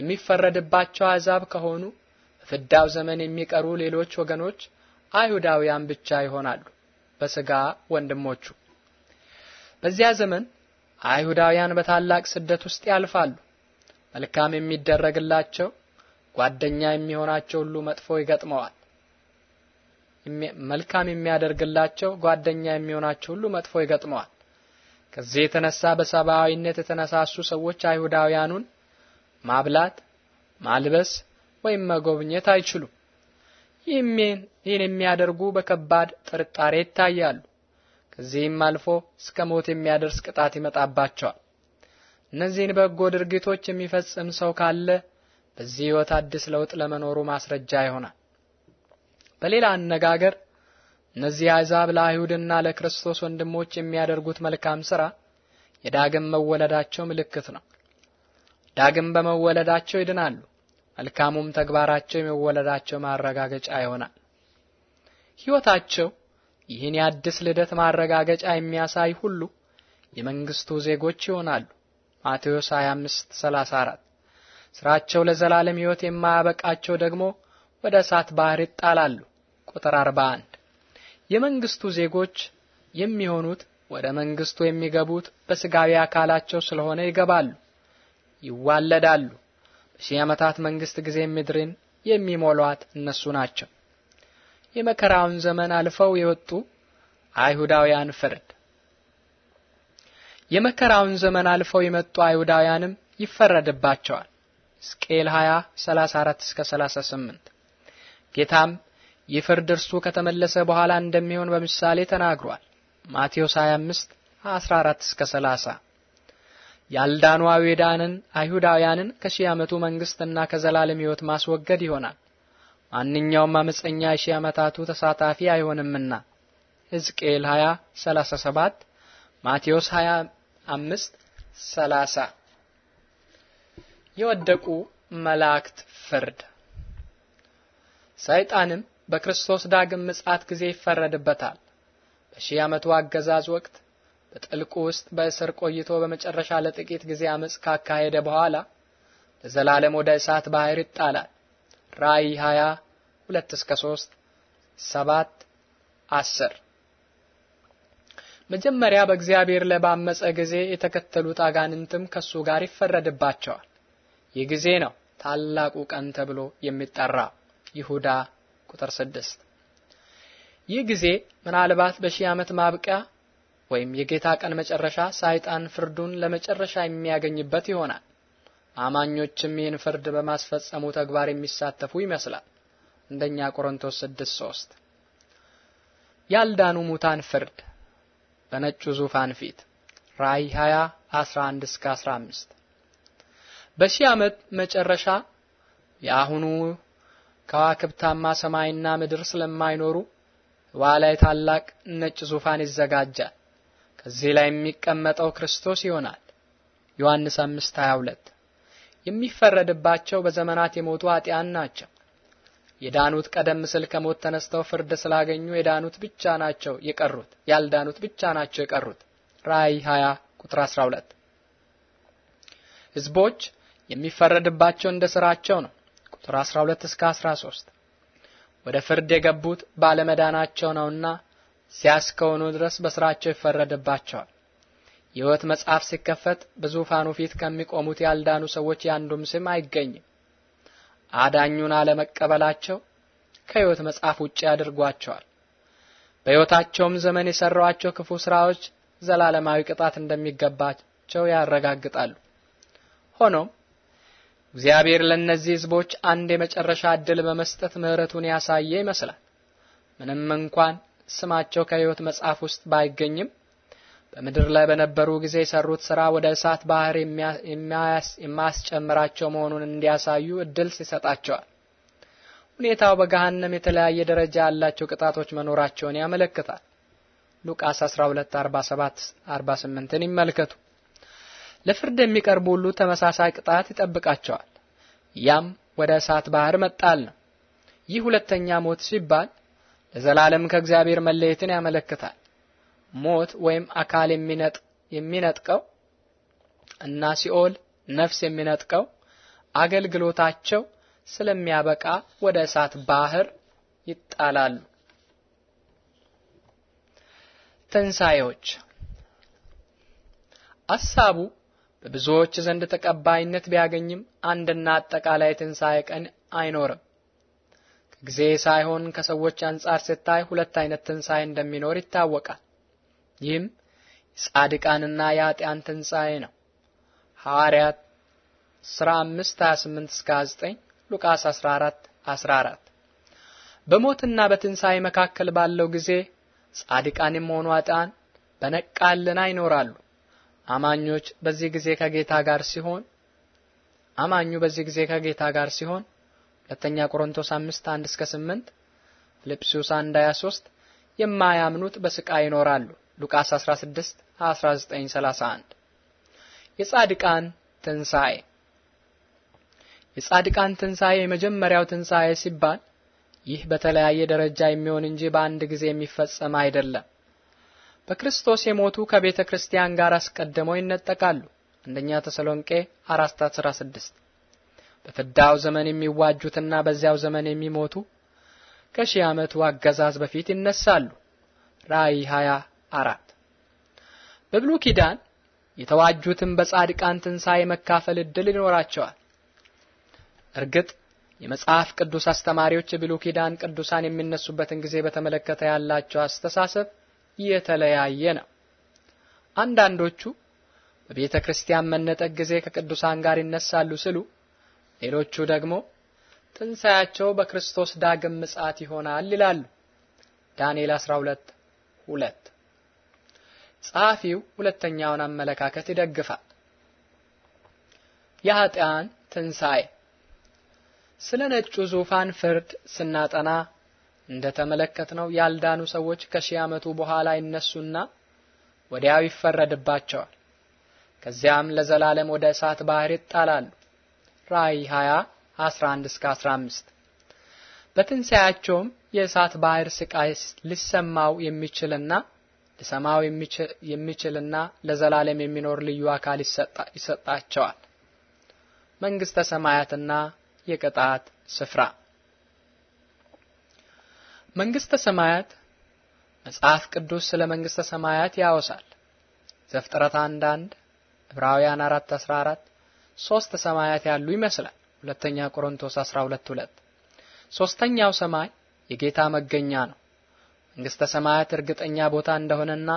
የሚፈረድባቸው አሕዛብ ከሆኑ በፍዳው ዘመን የሚቀሩ ሌሎች ወገኖች አይሁዳውያን ብቻ ይሆናሉ፣ በስጋ ወንድሞቹ። በዚያ ዘመን አይሁዳውያን በታላቅ ስደት ውስጥ ያልፋሉ። መልካም የሚደረግላቸው ጓደኛ የሚሆናቸው ሁሉ መጥፎ ይገጥመዋል። መልካም የሚያደርግላቸው ጓደኛ የሚሆናቸው ሁሉ መጥፎ ይገጥመዋል። ከዚህ የተነሳ በሰብአዊነት የተነሳሱ ሰዎች አይሁዳውያኑን ማብላት፣ ማልበስ ወይም መጎብኘት አይችሉም። ይህን የሚያደርጉ በከባድ ጥርጣሬ ይታያሉ። ከዚህም አልፎ እስከ ሞት የሚያደርስ ቅጣት ይመጣባቸዋል። እነዚህን በጎ ድርጊቶች የሚፈጽም ሰው ካለ በዚህ ሕይወት አዲስ ለውጥ ለመኖሩ ማስረጃ ይሆናል። በሌላ አነጋገር እነዚህ አሕዛብ ለአይሁድና ለክርስቶስ ወንድሞች የሚያደርጉት መልካም ሥራ የዳግም መወለዳቸው ምልክት ነው። ዳግም በመወለዳቸው ይድናሉ። መልካሙም ተግባራቸው የመወለዳቸው ማረጋገጫ ይሆናል። ሕይወታቸው ይህን የአዲስ ልደት ማረጋገጫ የሚያሳይ ሁሉ የመንግስቱ ዜጎች ይሆናሉ። ማቴዎስ 34 ስራቸው ለዘላለም ሕይወት የማያበቃቸው ደግሞ ወደ እሳት ባህር ይጣላሉ። ቁጥር 41 የመንግስቱ ዜጎች የሚሆኑት ወደ መንግስቱ የሚገቡት በስጋዊ አካላቸው ስለሆነ ይገባሉ፣ ይዋለዳሉ። በሺህ ዓመታት መንግስት ጊዜ ምድርን የሚሞሏት እነሱ ናቸው። የመከራውን ዘመን አልፈው የወጡ አይሁዳውያን ፍርድ የመከራውን ዘመን አልፈው የመጡ አይሁዳውያንም ይፈረድባቸዋል። ሕዝቅኤል 20 34 እስከ 38 ጌታም ይህ ፍርድ እርሱ ከተመለሰ በኋላ እንደሚሆን በምሳሌ ተናግሯል። ማቴዎስ 25 14 እስከ 30 ያልዳኑ አይሁዳንን አይሁዳውያንን ከሺህ ዓመቱ መንግስትና ከዘላለም ሕይወት ማስወገድ ይሆናል። ማንኛውም አመፀኛ የሺህ ዓመታቱ ተሳታፊ አይሆንምና ሕዝቅኤል 20 37 ማቴዎስ 25 30 የወደቁ መላእክት ፍርድ ሰይጣንም በክርስቶስ ዳግም ምጽአት ጊዜ ይፈረድበታል። በሺህ ዓመቱ አገዛዝ ወቅት በጥልቁ ውስጥ በእስር ቆይቶ በመጨረሻ ለጥቂት ጊዜ አመጽ ካካሄደ በኋላ ለዘላለም ወደ እሳት ባህር ይጣላል። ራእይ 20 2 እስከ 3 7 10 መጀመሪያ በእግዚአብሔር ላይ ባመፀ ጊዜ የተከተሉት አጋንንትም ከሱ ጋር ይፈረድባቸዋል። ይህ ጊዜ ነው ታላቁ ቀን ተብሎ የሚጠራው ይሁዳ ቁጥር 6 ይህ ጊዜ ምናልባት በሺህ ዓመት ማብቂያ ወይም የጌታ ቀን መጨረሻ ሰይጣን ፍርዱን ለመጨረሻ የሚያገኝበት ይሆናል። አማኞችም ይህን ፍርድ በማስፈጸሙ ተግባር የሚሳተፉ ይመስላል። አንደኛ ቆሮንቶስ 6:3 ያልዳኑ ሙታን ፍርድ በነጩ ዙፋን ፊት ራእይ 20 11 እስከ 15 በሺህ ዓመት መጨረሻ የአሁኑ ከዋክብታማ ሰማይና ምድር ስለማይኖሩ ህዋ ላይ ታላቅ ነጭ ዙፋን ይዘጋጃል። ከዚህ ላይ የሚቀመጠው ክርስቶስ ይሆናል። ዮሐንስ 5:22 የሚፈረድባቸው በዘመናት የሞቱ ኃጢያን ናቸው። የዳኑት ቀደም ሲል ከሞት ተነስተው ፍርድ ስላገኙ የዳኑት ብቻ ናቸው የቀሩት ያልዳኑት ብቻ ናቸው የቀሩት ራእይ 20 ቁጥር 12 ህዝቦች የሚፈረድባቸው እንደ ስራቸው ነው። ቁጥር 12 እስከ 13 ወደ ፍርድ የገቡት ባለመዳናቸው ነውና ሲያስከውኑ ድረስ በስራቸው ይፈረድባቸዋል። የሕይወት መጽሐፍ ሲከፈት በዙፋኑ ፊት ከሚቆሙት ያልዳኑ ሰዎች የአንዱም ስም አይገኝም። አዳኙን አለመቀበላቸው ከሕይወት መጽሐፍ ውጭ ያድርጓቸዋል። በሕይወታቸውም ዘመን የሰሯቸው ክፉ ስራዎች ዘላለማዊ ቅጣት እንደሚገባቸው ያረጋግጣሉ። ሆኖም እግዚአብሔር ለእነዚህ ህዝቦች አንድ የመጨረሻ ዕድል በመስጠት ምህረቱን ያሳየ ይመስላል። ምንም እንኳን ስማቸው ከሕይወት መጽሐፍ ውስጥ ባይገኝም በምድር ላይ በነበሩ ጊዜ የሰሩት ሥራ ወደ እሳት ባህር የማያስጨምራቸው መሆኑን እንዲያሳዩ እድል ይሰጣቸዋል። ሁኔታው በገሃነም የተለያየ ደረጃ ያላቸው ቅጣቶች መኖራቸውን ያመለክታል። ሉቃስ 12 47 48ን ይመልከቱ። ለፍርድ የሚቀርቡ ሁሉ ተመሳሳይ ቅጣት ይጠብቃቸዋል። ያም ወደ እሳት ባህር መጣል ነው። ይህ ሁለተኛ ሞት ሲባል ለዘላለም ከእግዚአብሔር መለየትን ያመለክታል። ሞት ወይም አካል የሚነጥቀው እና ሲኦል ነፍስ የሚነጥቀው አገልግሎታቸው ስለሚያበቃ ወደ እሳት ባህር ይጣላሉ። ትንሣኤዎች አሳቡ በብዙዎች ዘንድ ተቀባይነት ቢያገኝም አንድና አጠቃላይ ትንሣኤ ቀን አይኖርም። ከጊዜ ሳይሆን ከሰዎች አንጻር ሲታይ ሁለት አይነት ትንሣኤ እንደሚኖር ይታወቃል። ይህም የጻድቃንና የኃጢአን ትንሣኤ ነው። ሐዋርያት ሥራ 5 28 እስከ 9 ሉቃስ 14 14 በሞትና በትንሣኤ መካከል ባለው ጊዜ ጻድቃንም ሆኑ ኃጢአን በነቃ ልቦና ይኖራሉ። አማኞች በዚህ ጊዜ ከጌታ ጋር ሲሆን አማኙ በዚህ ጊዜ ከጌታ ጋር ሲሆን ሁለተኛ ቆሮንቶስ 5 1 እስከ 8 ፊልጵስዩስ 1 23 የማያምኑት በስቃይ ይኖራሉ ሉቃስ 16 19 31 የጻድቃን ትንሳኤ የጻድቃን ትንሳኤ የመጀመሪያው ትንሳኤ ሲባል ይህ በተለያየ ደረጃ የሚሆን እንጂ በአንድ ጊዜ የሚፈጸም አይደለም። በክርስቶስ የሞቱ ከቤተ ክርስቲያን ጋር አስቀድመው ይነጠቃሉ። አንደኛ ተሰሎንቄ 4:16 በፍዳው ዘመን የሚዋጁትና በዚያው ዘመን የሚሞቱ ከሺህ ዓመቱ አገዛዝ በፊት ይነሳሉ። ራእይ 24 በብሉይ ኪዳን የተዋጁትን በጻድቃን ትንሣኤ መካፈል እድል ይኖራቸዋል። እርግጥ የመጽሐፍ ቅዱስ አስተማሪዎች የብሉይ ኪዳን ቅዱሳን የሚነሱበትን ጊዜ በተመለከተ ያላቸው አስተሳሰብ የተለያየ ነው። አንዳንዶቹ በቤተ ክርስቲያን መነጠቅ ጊዜ ከቅዱሳን ጋር ይነሳሉ ሲሉ፣ ሌሎቹ ደግሞ ትንሣያቸው በክርስቶስ ዳግም ምጽአት ይሆናል ይላሉ። ዳንኤል 12 2 ጸሐፊው ሁለተኛውን አመለካከት ይደግፋል። የኃጢአን ትንሣኤ ስለ ነጩ ዙፋን ፍርድ ስናጠና እንደተመለከትነው ያልዳኑ ሰዎች ከሺህ ዓመቱ በኋላ ይነሱና ወዲያው ይፈረድባቸዋል። ከዚያም ለዘላለም ወደ እሳት ባህር ይጣላሉ። ራእይ 20 11 እስከ 15 በትንሣያቸውም የእሳት ባህር ስቃይ ሊሰማው የሚችልና ሊሰማው የሚችልና ለዘላለም የሚኖር ልዩ አካል ይሰጣቸዋል። መንግስተ ሰማያትና የቅጣት ስፍራ መንግስተ ሰማያት መጽሐፍ ቅዱስ ስለ መንግስተ ሰማያት ያወሳል። ዘፍጥረት 1 1 ዕብራውያን 4 14 ሶስት ሰማያት ያሉ ይመስላል። ሁለተኛ ቆሮንቶስ 12 2 ሶስተኛው ሰማይ የጌታ መገኛ ነው። መንግስተ ሰማያት እርግጠኛ ቦታ እንደሆነና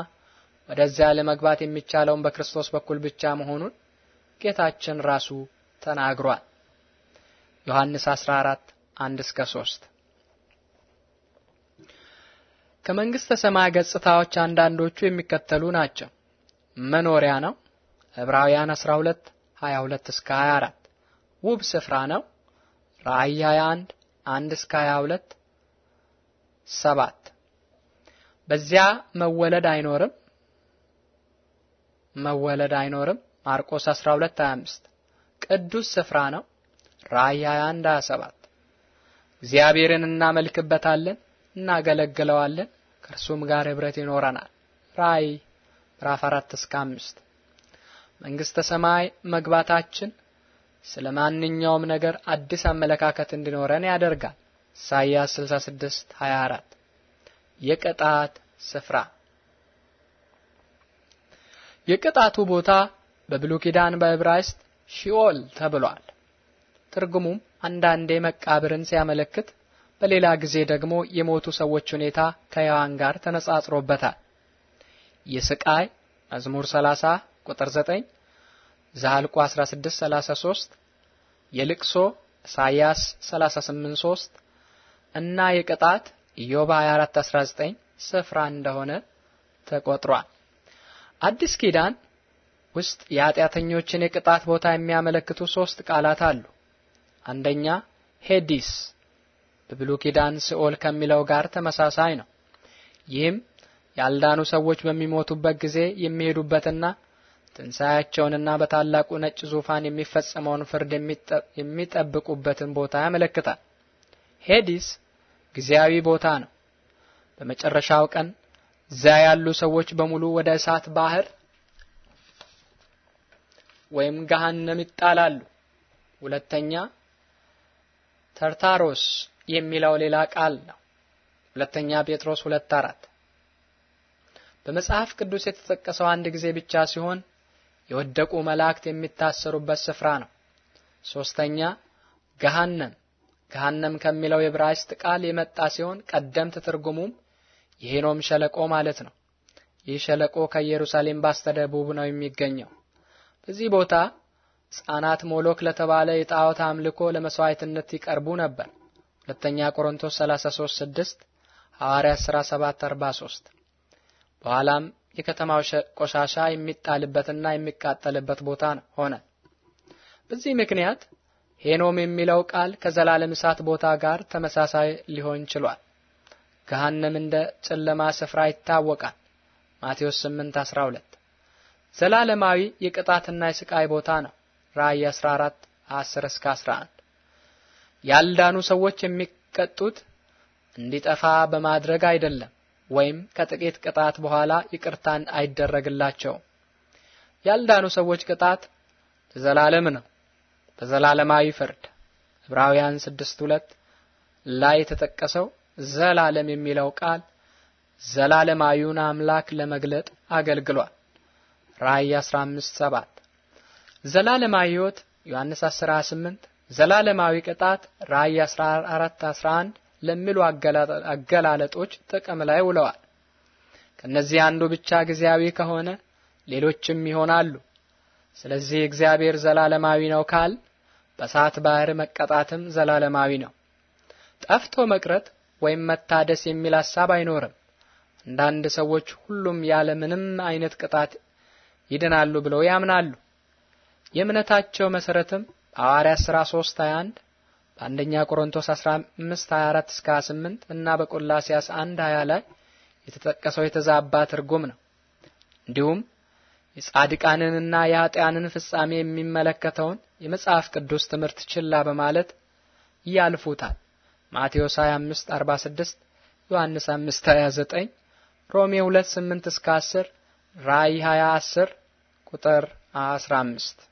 ወደዚያ ለመግባት የሚቻለውን በክርስቶስ በኩል ብቻ መሆኑን ጌታችን ራሱ ተናግሯል። ዮሐንስ 14 1 እስከ 3 ከመንግስተ ሰማይ ገጽታዎች አንዳንዶቹ የሚከተሉ ናቸው። መኖሪያ ነው። ዕብራውያን 12 22 እስከ 24 ውብ ስፍራ ነው። ራእይ 21 1 እስከ 22 7 በዚያ መወለድ አይኖርም መወለድ አይኖርም። ማርቆስ 12 25 ቅዱስ ስፍራ ነው። ራእይ 21 27 እግዚአብሔርን እናመልክበታለን እናገለግለዋለን፣ ከእርሱም ጋር ህብረት ይኖረናል። ራእይ ምዕራፍ 4 እስከ 5 መንግስተ ሰማይ መግባታችን ስለ ማንኛውም ነገር አዲስ አመለካከት እንዲኖረን ያደርጋል። ኢሳይያስ 66 24 የቅጣት ስፍራ የቅጣቱ ቦታ በብሉይ ኪዳን በዕብራይስጥ ሺኦል ተብሏል። ትርጉሙም አንዳንዴ መቃብርን ሲያመለክት በሌላ ጊዜ ደግሞ የሞቱ ሰዎች ሁኔታ ከሕያዋን ጋር ተነጻጽሮበታል። የስቃይ መዝሙር 30 ቁጥር 9፣ ዘኍልቍ 16 33፣ የልቅሶ ኢሳይያስ 38 3 እና የቅጣት ኢዮብ 24 19 ስፍራ እንደሆነ ተቆጥሯል። አዲስ ኪዳን ውስጥ የኃጢአተኞችን የቅጣት ቦታ የሚያመለክቱ ሶስት ቃላት አሉ። አንደኛ ሄዲስ በብሉ ኪዳን ሲኦል ከሚለው ጋር ተመሳሳይ ነው። ይህም ያልዳኑ ሰዎች በሚሞቱበት ጊዜ የሚሄዱበትና ትንሣያቸውንና በታላቁ ነጭ ዙፋን የሚፈጸመውን ፍርድ የሚጠብቁበትን ቦታ ያመለክታል። ሄዲስ ጊዜያዊ ቦታ ነው። በመጨረሻው ቀን እዚያ ያሉ ሰዎች በሙሉ ወደ እሳት ባህር ወይም ገሃነም ይጣላሉ። ሁለተኛ ተርታሮስ የሚለው ሌላ ቃል ነው። ሁለተኛ ጴጥሮስ 24 በመጽሐፍ ቅዱስ የተጠቀሰው አንድ ጊዜ ብቻ ሲሆን የወደቁ መላእክት የሚታሰሩበት ስፍራ ነው። ሶስተኛ ገሃነም ገሃነም ከሚለው የዕብራይስጥ ቃል የመጣ ሲሆን ቀደምት ትርጉሙም የሄኖም ሸለቆ ማለት ነው። ይህ ሸለቆ ከኢየሩሳሌም ባስተደቡብ ነው የሚገኘው። በዚህ ቦታ ሕፃናት ሞሎክ ለተባለ የጣዖት አምልኮ ለመስዋዕትነት ይቀርቡ ነበር። ሁለተኛ ቆሮንቶስ 33 6 ሐዋርያት 17 43 በኋላም የከተማው ቆሻሻ የሚጣልበትና የሚቃጠልበት ቦታ ሆነ። በዚህ ምክንያት ሄኖም የሚለው ቃል ከዘላለም እሳት ቦታ ጋር ተመሳሳይ ሊሆን ችሏል። ገሃነም እንደ ጨለማ ስፍራ ይታወቃል። ማቴዎስ 8:12 ዘላለማዊ የቅጣትና የስቃይ ቦታ ነው። ራእይ 14 10 እስከ 11 ያልዳኑ ሰዎች የሚቀጡት እንዲጠፋ በማድረግ አይደለም፣ ወይም ከጥቂት ቅጣት በኋላ ይቅርታን አይደረግላቸውም። ያልዳኑ ሰዎች ቅጣት ዘላለም ነው፣ በዘላለማዊ ፍርድ። ዕብራውያን 6:2 ላይ የተጠቀሰው ዘላለም የሚለው ቃል ዘላለማዊውን አምላክ ለመግለጥ አገልግሏል። ራእይ 15:7 ዘላለማዊ ሕይወት ዮሐንስ ዘላለማዊ ቅጣት ራእይ 14 11 ለሚሉ አገላለጦች ጥቅም ላይ ውለዋል። ከነዚህ አንዱ ብቻ ጊዜያዊ ከሆነ ሌሎችም ይሆናሉ። ስለዚህ እግዚአብሔር ዘላለማዊ ነው ካል በእሳት ባህር መቀጣትም ዘላለማዊ ነው። ጠፍቶ መቅረት ወይም መታደስ የሚል ሐሳብ አይኖርም። አንዳንድ ሰዎች ሁሉም ያለ ምንም አይነት ቅጣት ይድናሉ ብለው ያምናሉ። የእምነታቸው መሰረትም በሐዋርያት ሥራ 3 21 በአንደኛ ቆሮንቶስ 15 24 እስከ 28 እና በቆላሲያስ 1 20 ላይ የተጠቀሰው የተዛባ ትርጉም ነው። እንዲሁም የጻድቃንንና የኃጢአንን ፍጻሜ የሚመለከተውን የመጽሐፍ ቅዱስ ትምህርት ችላ በማለት ያልፉታል። ማቴዎስ 25 46፣ ዮሐንስ 5 29፣ ሮሜ 2 8 እስከ 10፣ ራእይ 20 10 ቁጥር 15